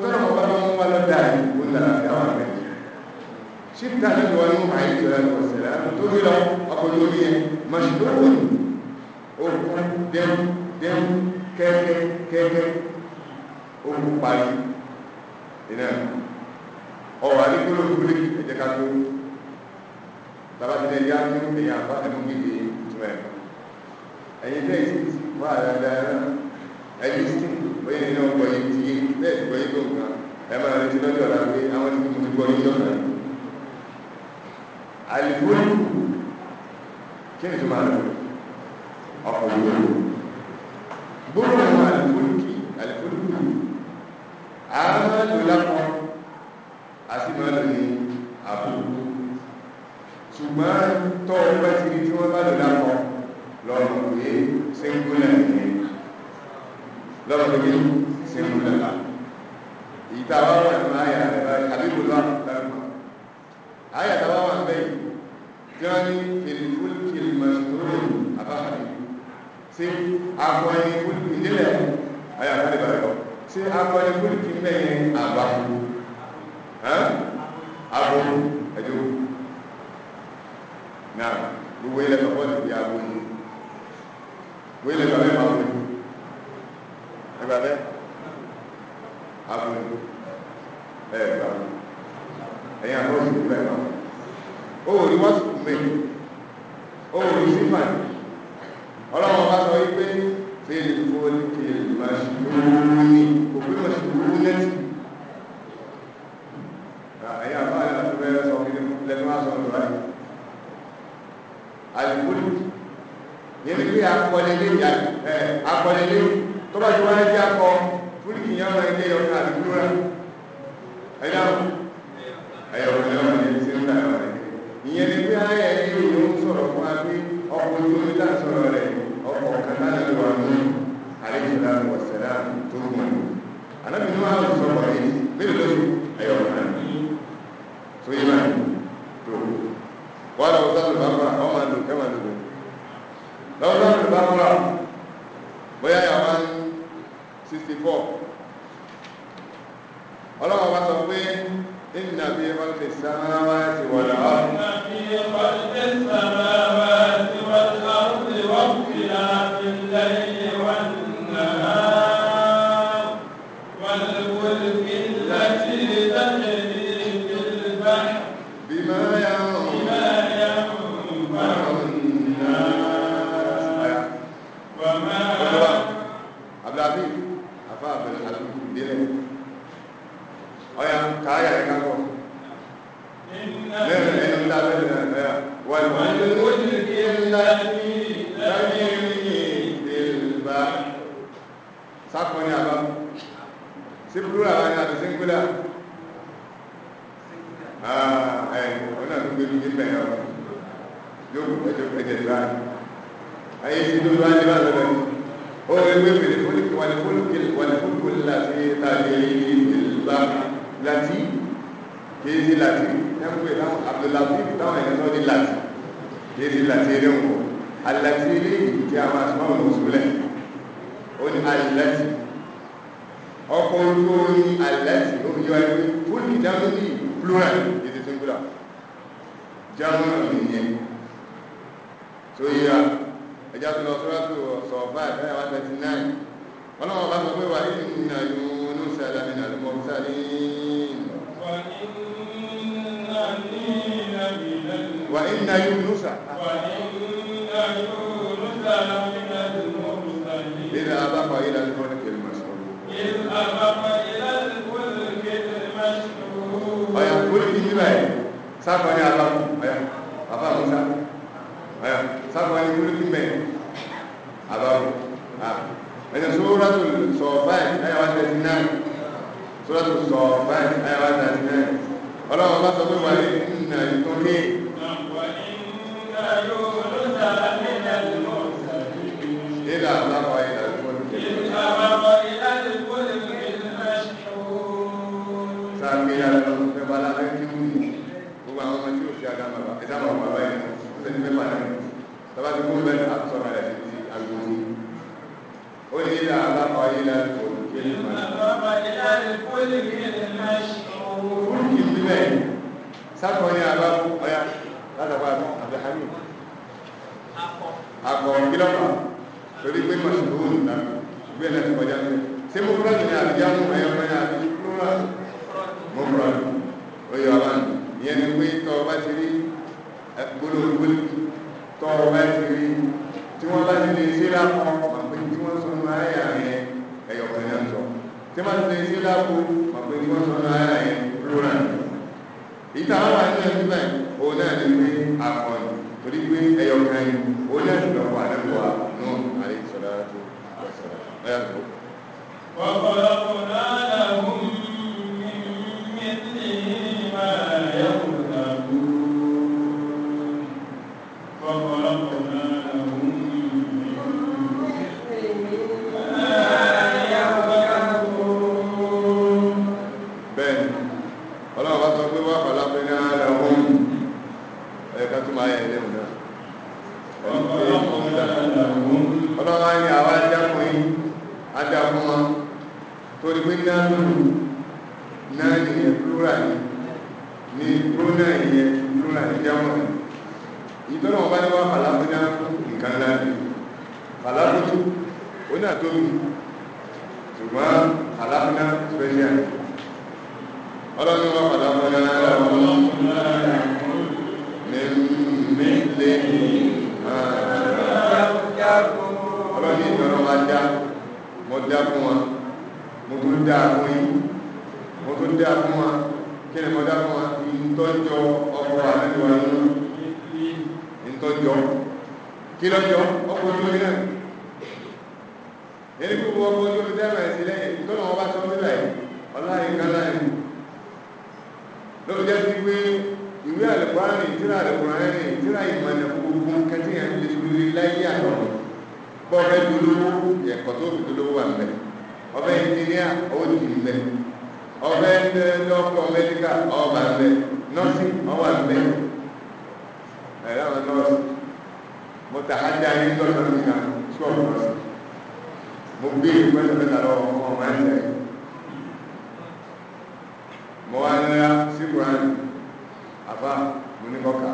S1: ترى مبارك ولا داعي ولا داعي شفت النبي نوح عليه الصلاه والسلام تقول له اقول لي مشهور دم دم كيكه كيكه ogun parí iná ọwọ́ àdíkòlò public ẹ̀jẹ̀ ká tó bàbá ti lẹ́yìn á tó èèyàn bá ẹ̀mú gbígbé ìtumẹ̀ ẹ̀yìn tẹ́yìn wà dáadáa náà ẹni fún oyè nínú ọgbọ yìí ti yé bẹ́ẹ̀ ti gbọ yìí tó nǹkan ẹ máa retí lọ́jọ́ ọ̀la pé àwọn ti kúkú ti gbọ yìí lọ́nà yìí. àlìfóònù kí ni tó máa lò ọkọ̀ yìí lò gbọ́dọ̀ àwọn àlìfóònù kì àlìfóònù kì àwọn àlòlápọ̀ àti máa lò ní àbúrò ṣùgbọ́n tọ́ ọ bá ti rí tí wọ́n bá lò lápọ̀ lọ́rùn pé ṣé ń gbóná nìyẹn lọ́rọ̀ gbẹgbẹ́ sínú lẹ́la èyí tá a wá wà nínú àyà àbíkò lọ́wọ́ àbúkọ́ àyà tá a wá wà ń bẹ́yì tí wọ́n ní fèlìfúlì fèlìmọ̀sọ̀rọ̀ àbáhàbí ṣé akọni fúlì ìdílé àyà àbáhàbí báyọ̀ ṣé akọni fúlì kí mẹ́yìn àbá àbọ̀ ẹ̀jọ̀ náà gbogbo ilẹ̀ kọ̀ọ̀kan ti di àbọ̀ yìí ilẹ̀ kọ̀ọ̀kan ti di àbọ̀ gbà bẹ́ẹ̀ àbùrù ẹ̀ gbà bẹ́ẹ̀ ẹ̀yìn àná oṣù bẹ́ẹ̀ náà ó rí wọ́sùkù méjì ó rí sífà ọlọ́wọ́n bá sọ wípé fèèrè fún fèèrè máa ṣe lóòrùn ní òpin máa ṣe lóòrùn lẹ́tì ẹ̀yìn àbá yà tó bẹ́ẹ̀ sọ kí lẹ́nu máa sọ lọ́wọ́ yìí àdìgbò yìí ní pé akọlẹ́lé yà ẹ̀ akọlẹ́lé yìí tó bá ti wáyé jẹ́ akọ fúlìkì yẹn rẹ̀ ilé ọ̀nà àdúgbò rẹ̀ ẹ̀dá you looking men about it? Ah. And then Surah Al-Sawfat, Ayah 139. Surah Al-Sawfat, Ayah 139. Ọlọ́run bá sọ pé wà ní ìnáyí dáa fún yìí mo tó dáa fún wa kí ni mo dáa fún wa ìtọ́jọ ọkọ̀ àlejò wa nínú ìtọ́jọ kí lọ́jọ́ ọkọ̀ ojú omi náà ẹni gbogbo ọkọ̀ ojú omi dáa rẹ̀ sí lẹ́yìn ìtọ́nà wọn bá sọ nílẹ̀ ọláyìn káláyìn lọ́wọ́ jẹ́ sí pé ìwé àlùkùránì ìtura àlùkùránì ìtura ìmọ̀nà gbogbo kẹtìyàn lè lórí láyé àtọ̀rọ̀ bọ́ọ̀rẹ́ dolówó ẹ̀kọ́ tó fi dolówó wà nílẹ̀ ọbẹ̀ ìjìnìá ó dì í bẹ̀ ọbẹ̀ dọ́kọ̀ mẹ́díkà ọba ń bẹ̀ nọ́ọ̀sì ọba ń bẹ̀ ẹ̀rọ àwọn nọ́ọ̀sì mo tà á dá yín lọ́sọ̀ ní ìgbà tí ọ̀pọ̀ nọ́ọ̀sì mo gbé ìlú mẹ́ta mẹ́ta lọ ọmọ ẹ̀ lẹ̀ mo wá náírà sí kuran àbá mo ní kọ́ka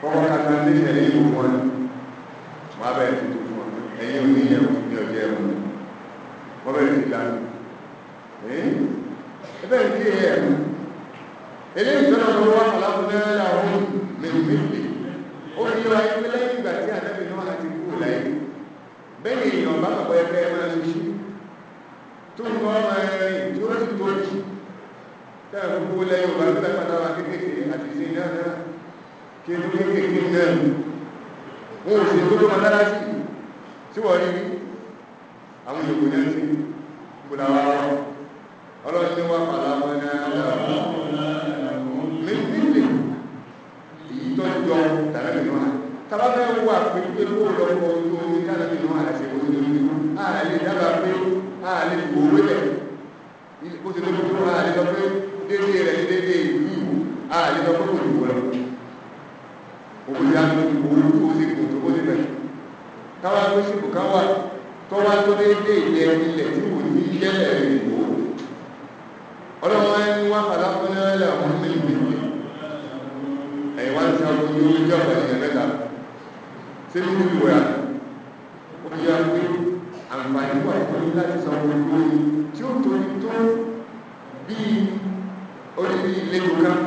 S1: kọ́kọ́ ká tán ní ìṣẹ̀lẹ̀ ìlú wọn mo á bẹ̀rẹ̀ tuntun fún ọ ẹ̀yin ò ní ní ọjọ́ ẹ̀wọ̀n wọ́n bẹ̀rẹ̀ sí ìlànà ẹbẹ̀ ní kí ẹ̀ ilé ìtọ́nà tó wọ́n aláwọ̀dẹ́ àwọn mẹ́rìnmẹ́rì ó ní wa ẹgbẹ́ lẹ́yìn ìgbà tí àtẹ́bì náà àti kú láyé bẹ́ẹ̀ èèyàn bá kọ̀kọ́ ẹgbẹ́ ẹ máa ṣe tó ń bọ́ ọmọ ẹrin tí ó ti tó jù tẹ́ẹ̀ fún kú lẹ́yìn ọba tó lẹ́pàá táwa kéékèèké àti ìṣe náà kí ẹni kéékèèké náà wọn ò sì tó tó máa dára sí tí wọ́n rí rí àwọn ìyókù ní ẹni gbọ́dọ̀ àwọn ọ̀rọ̀ ní olè jẹ́ ọ̀rọ̀ ìyẹn mẹ́ta ṣé ní ìlú rẹ̀ ó yá pé àǹfààní wà fún yín láti san owó lórí tí ó torí tó bíi ó ilé tó kán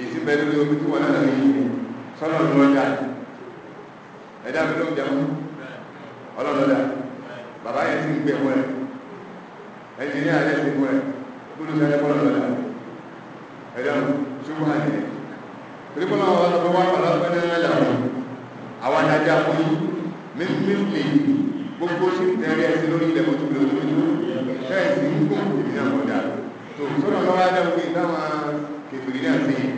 S1: èsì bẹ lórí omi tí wọn náà lè yí mi sọ́nà ló lọ́jà ẹ̀dá mi ló ń jẹun ọlọ́lọ́dà bàbá yẹn ti ń gbé ẹ̀kọ́ rẹ̀ ẹni ní alẹ́ ti mú ẹ̀ gbọ́dọ̀ sẹ́lẹ̀ bọ́ lọ́lọ́dà ẹ̀dá mi ṣubú hàn yẹn torí pé wọn lọ wọn lọ pẹ́ nínú ẹ̀dá wọn àwọn adájọ́ àkóyí mímílì gbogbo sí tẹ̀lé ẹsẹ̀ lórí ilẹ̀ mọ́tò lórí ojú ṣẹ́ẹ̀sì ń gbòkè ní àmọ́dá tó sọ́nà lọ́wọ́ adáwọ̀ pé táwọn kèfèrè náà ti yìí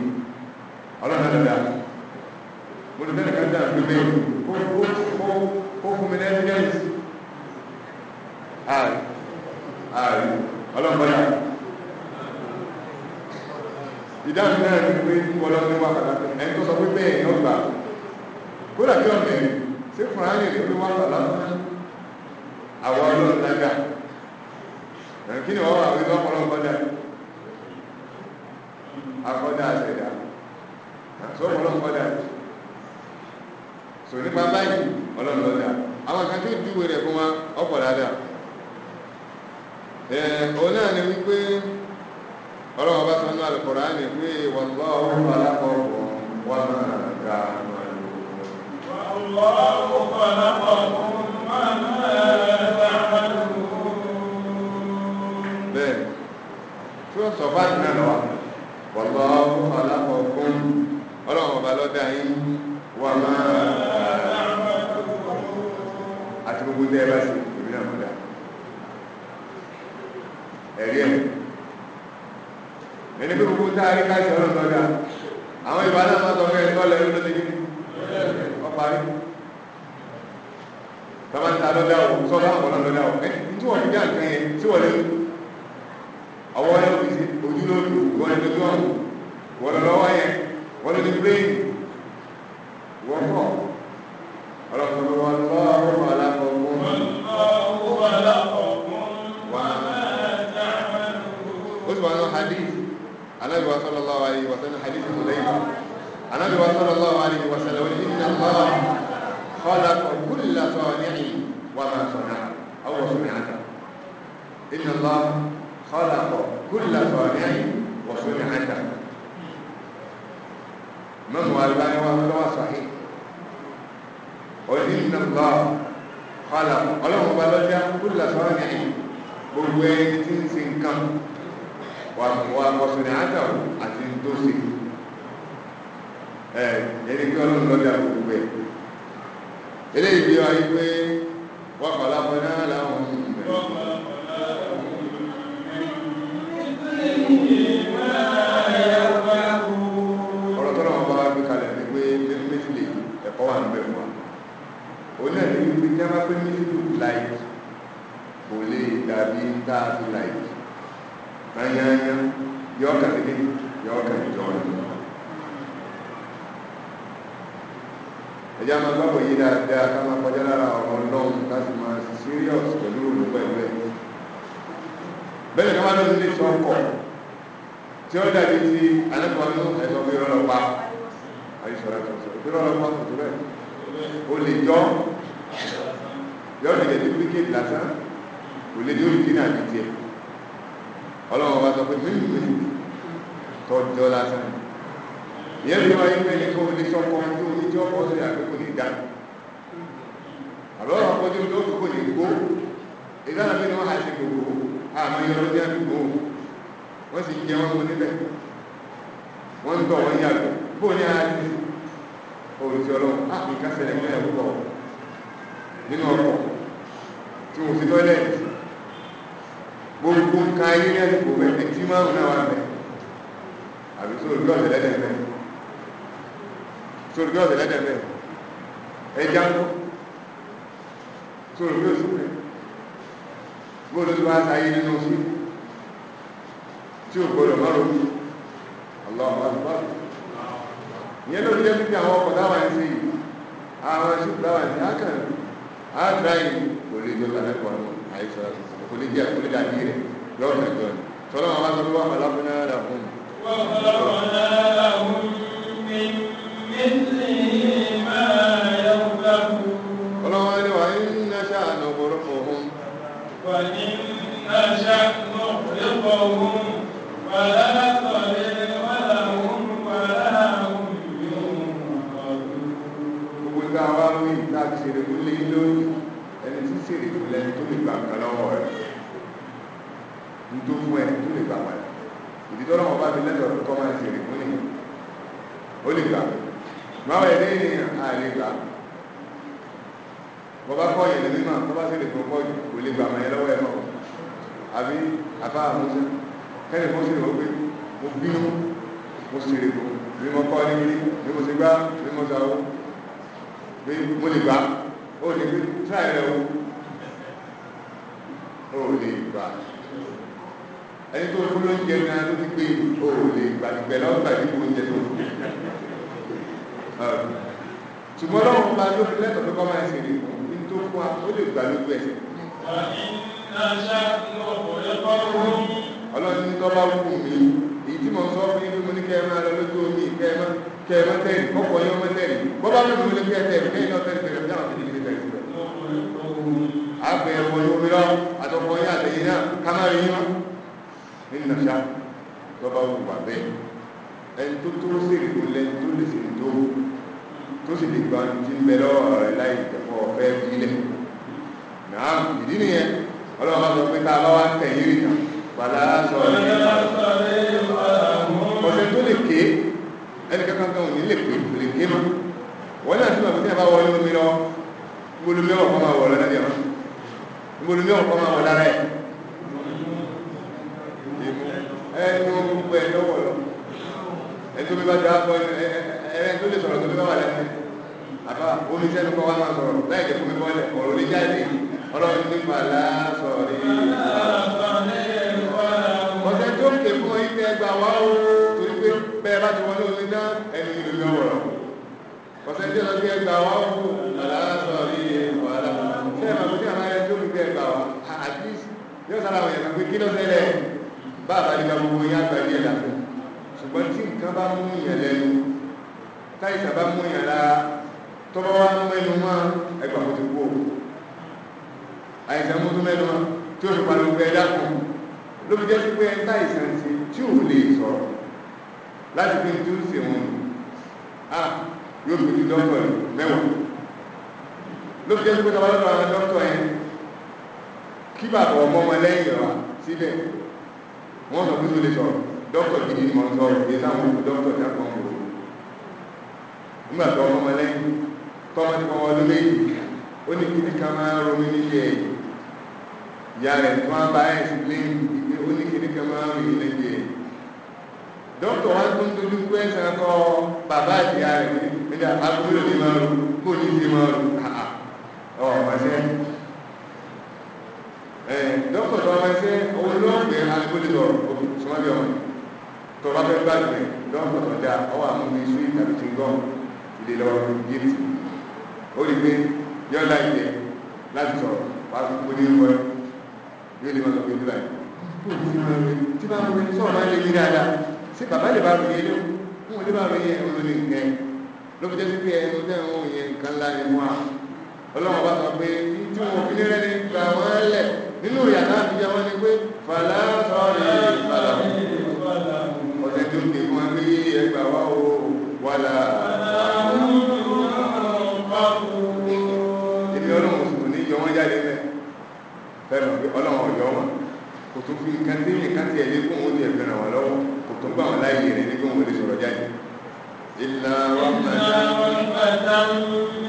S1: ó sì wà nù hadith anábì wa sallallahu alayhi wa sallam hadith lẹ́yìn anábì wa sallallahu alayhi wa sallam wọ́n ní iná lọ́wọ́ kọ́lá kúlìlá sọ̀nìyàn wà máa sọ̀nà àwọn wọ́n sọ̀nà àtà iná lọ́wọ́ kọ́lá kúlìlá sọ̀nìyàn wà sọ̀nà àtà mọ́mú àlùbáyé wa lọ́wọ́ sọ̀hí wọ́n ní iná lọ́wọ́ kọ́lá ọlọ́run ọba lọ́jà kúlìlá sọ̀nìyàn gbogbo ẹni tí ń sin nǹkan wà wàsùnì àtàwù àti tó ṣe ẹ ẹni pé ọlọ́run lọ́dẹ àkókò bẹ̀ eléyìí bí wáyé pé wà pàlápọ̀ náà làwọn ohun bẹ̀. ọ̀rọ̀ tọ́lá wọn bá gbé kalẹ̀ ni pé méjì lè ẹ̀kọ́ wà ń bẹ̀ wọn òun náà ní wípé jábá pé méjì lù láì kò lè dàbí tá a fi láì yányányá yọ ọkà dídí yọ ọkà ìjọ rẹ ẹjá máa gbàgbọ́ yìí dáadáa ká máa kọjá lára ọ̀rọ̀ lọ́hùn láti máa serious pẹ̀lú òun pẹ̀lú ẹ̀ bẹ́ẹ̀ ká máa lọ́sí ní sọ́kọ̀ tí ó dàbí ti alẹ́kọ̀ọ́nù ẹ̀sọ́ bí rọ́lọ́pá àyíṣọ́lá tó sọ bí rọ́lọ́pá kò tó bẹ́ẹ̀ o lè jọ yọ̀ọ́ lè jẹ́ duplicate lásán kò lè jẹ́ olùdínà àti tiẹ̀ ọlọ́run bá sọ pé mí hmm, ìwé tọ́jọ́ lásán ìyẹn bí wọ́n yí pé ní kó ní sọ́kọ́ tó ní tí ọkọ̀ sí àkókò ní ìdá àbọ̀rọ̀ ọkọ̀ tí ó tó kò ní gbó ìdáná bí wọ́n á ti gbogbo àmọ́ yọ lọ́dí àdúgbò wọ́n sì jẹ wọn wọn níbẹ̀ wọ́n ń tọ̀ wọ́n yàgò bó ní ara ti olùsí ọlọ́run àfi ah, kásẹ̀lẹ̀ mọ́ ìyàwó bọ̀ nínú ọkọ̀ tí mo fi lọ́lẹ́ẹ̀tì gbogbo nǹkan ayé ní àsìkò bẹ́ẹ̀ ẹtí márùn náà wà bẹ́ẹ̀ àbí sórí bí ọ̀sẹ̀ lẹ́dẹ̀ bẹ́ẹ̀ sórí bí ọ̀sẹ̀ lẹ́dẹ̀ bẹ́ẹ̀ ẹja ń lọ sórí bí oṣù bẹ́ẹ̀ bóòlù tó wá sáyé nínú oṣù tí ò gbọdọ̀ márùn mi Allahu Akbar ìyẹn ló jẹ́ pípẹ́ àwọn ọkọ̀ táwọn ẹ̀ ń sè yìí àwọn ẹ̀ṣù táwọn ẹ̀ ń sè ákàn á tra yìí kò lè jọ lálẹ́ pọ̀ àìsàn àti kò lè jẹ́ kó lè dàbí rẹ̀ lọ́rùn ẹ̀jọ́ ni tọ́lá wọn bá tó wà pàlá fún náà rà fún ọlọ́wọ́n ni wà ní náṣà àná ọ̀pọ̀lọpọ̀ ohun wà ní náṣà ọ̀pọ̀lọpọ̀ ohun
S2: wà látọ̀lẹ́ gbogbo
S1: ìgbà wa wí láti ṣe èrè lé lórí ẹni tí ṣe èrè fún tó lè gbà kan lọ́wọ́ rẹ̀ nítorí mú ẹni tó lè gbà padà ìdí tó lọ́wọ́ bá fi lẹ́tọ̀ọ́ tó kọ́ máa ń ṣèrè fún nìyẹn ó lè gbà báwọn ẹ̀dẹ́ ènìyàn á lè gbà bọ́ bá kọ́ ìyẹn lè mímọ̀ tó bá sì lè fún pọ́jù kò lè gbà máa lọ́wọ́ ẹ̀ náà àbí àbá àmúṣe kẹ́lẹ̀ fún ṣèrè wọ́n mo bínú mo ṣèrè fún mi mo kọ́ ní mi mi mo ti gbá mi mo sàwọ́ pé mo lè gbà ó lè gbé ó lè gbà ẹni tó fún lóúnjẹ náà ló ti gbé o lè gbà ìgbẹ́ lọ́wọ́ gbà ní oúnjẹ tó fún ṣùgbọ́n lọ́wọ́ bá ló fi lẹ́tọ̀ọ́ tó kọ́ máa ṣe nìkan ní tó fún wa ó lè gbà lójú ẹsẹ̀. ọlọ́run ní tọ́ba wù mí èyí tí mo sọ fún yín mo ní kẹ́ ẹ máa lọ lójú omi kẹ́ ẹ máa kẹ́ ẹ máa tẹ̀lé ọkọ̀ yẹn máa tẹ̀lé bọ́bá mi mo kẹ́ ẹ tẹ̀lé kẹ́yìn náà tẹ̀lé tẹ̀lé ọjà àwọn tẹ̀lé tẹ̀lé tẹ̀lé. àgbẹ̀ ẹ̀fọ́ yóò mi lọ àtọkọ yín àtẹ̀yìn náà ká má rí yín mọ́ nínú ṣá lọ́ba wù wà bẹ́ẹ̀ ẹni tó tó sèrè tó lẹ́ni tó lè sèrè tó tó sì lè gba ti ń bẹ lọ́wọ́ rẹ̀ láì tẹ̀fọ́ ọ̀fẹ́ ilẹ̀ náà ìdí nìyẹn ọlọ́run bá sọ pé tá a bá wá tẹ̀yìn rìn náà wàlá sọ rẹ̀ ọ̀sẹ̀ tó lè ké ẹni kankan kan ò ní lè pè lè ké mọ́ wọ́n náà túnbọ̀ fún ẹ̀bá wọlé omi lọ gbólómi ọ̀pọ̀ máa wọ̀ lọ́dẹ̀ mọ́ gbólómi ọ̀pọ̀ máa wọ̀ lára ẹ̀ ẹnu gbogbo ẹ̀ lọ́wọ́ lọ ẹni tó bí bá dáa bọ́ ẹni tó lè sọ̀rọ̀ tó bí bá wà lẹ́nu àbá omi sẹ́nu kọ́ wá máa sọ̀rọ̀ láì jẹ́ fún mi bọ́lẹ̀ ọ̀rọ̀ lè jáde ọlọ́run ní pàlà sọ̀rí. ọ̀sẹ̀ tó ń tẹ̀kọ́ ilé ẹgbà wá ó torí pé bẹ́ẹ̀ bá ti wọlé omi náà ẹni ìlú ní ọ̀rọ̀ ọ̀sẹ̀ tó ń tẹ̀kọ́ ẹgbà wá ó pàlà sọ̀rí wàhálà. sẹ́yìn màgbọ́n tí àwọn ẹni tó ń tẹ̀ ẹgbà wá àti yóò sára àwọn bá àbálẹ́gbà gbogbo yá àgbàdí ẹ̀lá ṣùgbọ́n tí nǹkan bá mú ìyàn lẹ́nu táìsà bá mú ìyàn lára tọ́bọ́ wá mẹ́nu mọ́ ẹgbà kò ti kú o àìsàn mú tó mẹ́nu mọ́ tí ó fi parí gbẹ dákun ló fi jẹ́ sí pé táìsàn ti tí ò lè sọ̀rọ̀ láti fi tún ṣe wọn a yóò fi ti dọ́kọ̀ mẹ́wàá ló jẹ́ sí pé tọ́bọ́ lọ́dọ̀ àwọn kí bàbá ọmọ ọmọ lẹ́yìn rẹ̀ síbẹ̀ wọ́n sọ pé tó lè sọ dọ́kítọ̀ gidi ni mo sọ òye táwọn òkú dọ́kítọ̀ tí a kàn ń wò nígbà tó ọmọ lẹ́yìn tọ́mọ ti pọmọ ọdún méjì ó ní kíní ká máa ń romi nílé ẹ̀ ìyá rẹ̀ tó máa ń bá ẹ̀ sí lẹ́yìn ìgbé ó ní kíní ká máa ń rìn nílé ẹ̀ dọ́kítọ̀ wá tó ń dojú pé ẹ̀sán kọ bàbá àti ìyá rẹ̀ nígbà abúlé ní máa rò kó ní ti máa rò ọ̀ọ́ dókítà tó bá fẹ́ olóògbé agbódìdọ̀ sọmọbí ọmọ tó bá fẹ́ gbàgbé dókítà tó dá ọwọ́ àmúmi sweet tàbí ti gọ́ọ̀mù ìdè lọ gíìtì ó rí pé yọ́ọ̀lá ìdè láti sọ̀rọ̀ pàápàá ní ìwọ yóò lè máa lọ pé nílá yìí tí bá wọn sọ̀rọ̀ máa lè yí dáadáa ṣé bàbá lè bá wọn yé lé wọn lè bá wọn yé olórí nǹkan lọ́pọ̀ jẹ́ sí pé ẹnu náà wọ́n yẹ nǹkan ńlá ni wọ́n á ọlọ́run bá sọ pé tí wọn fi nílẹ̀ ní gbà wọ́n lẹ̀ nínú ìyàtọ̀ àbíyá wọn ni pé fàlà sọ̀rọ̀ ìbàlà ọ̀sẹ̀ tó dé wọn pé ẹgbà wá o wàlà.
S2: èmi ọlọ́run sùn ní yọ wọ́n
S1: jáde mẹ́ fẹ́ràn pé ọlọ́run ọ̀yọ́ wọn kò tó fi nǹkan tí nǹkan tiẹ̀ lé fún òun tiẹ̀ fẹ́ràn wọn lọ́wọ́ kò tó gbà wọn láàyè rẹ̀ ní pé wọn lè sọ̀rọ̀ jáde. ìlànà wọn máa ń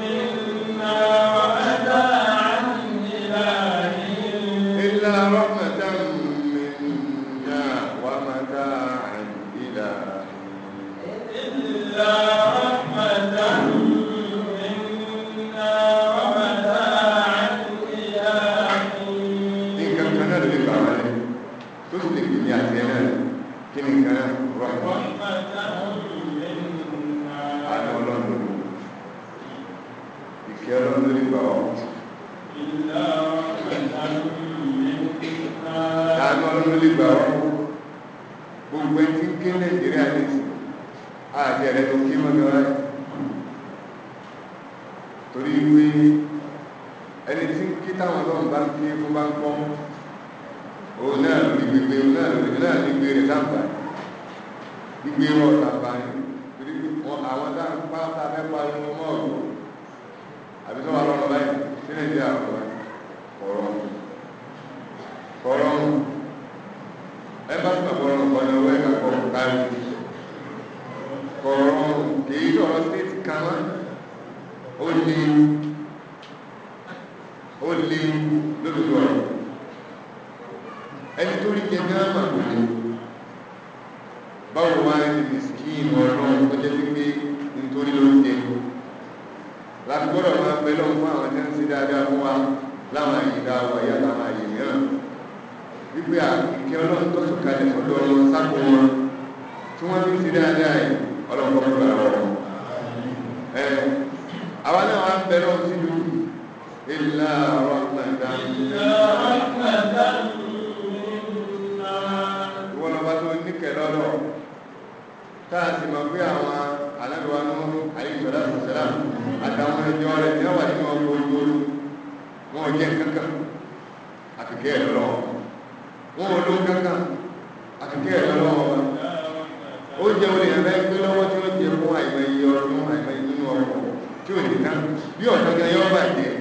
S1: àtàwọn ẹjọ́ rẹ̀ ní ọ̀wà nínú ọmọ olóòlù wọn ò jẹ́ kankan àkìkẹ́ ẹ̀ lọ́wọ́ wọn ò lóun kankan àkìkẹ́ ẹ̀ lọ́wọ́ ó jẹ́ olè ẹ̀rẹ́ gbé lọ́wọ́ tí ó jẹ fún àìmọ̀ iye ọdún àìmọ̀ inú ọmọ tí ò ní tán bí ọ̀tọ́ gan yọ bàjẹ́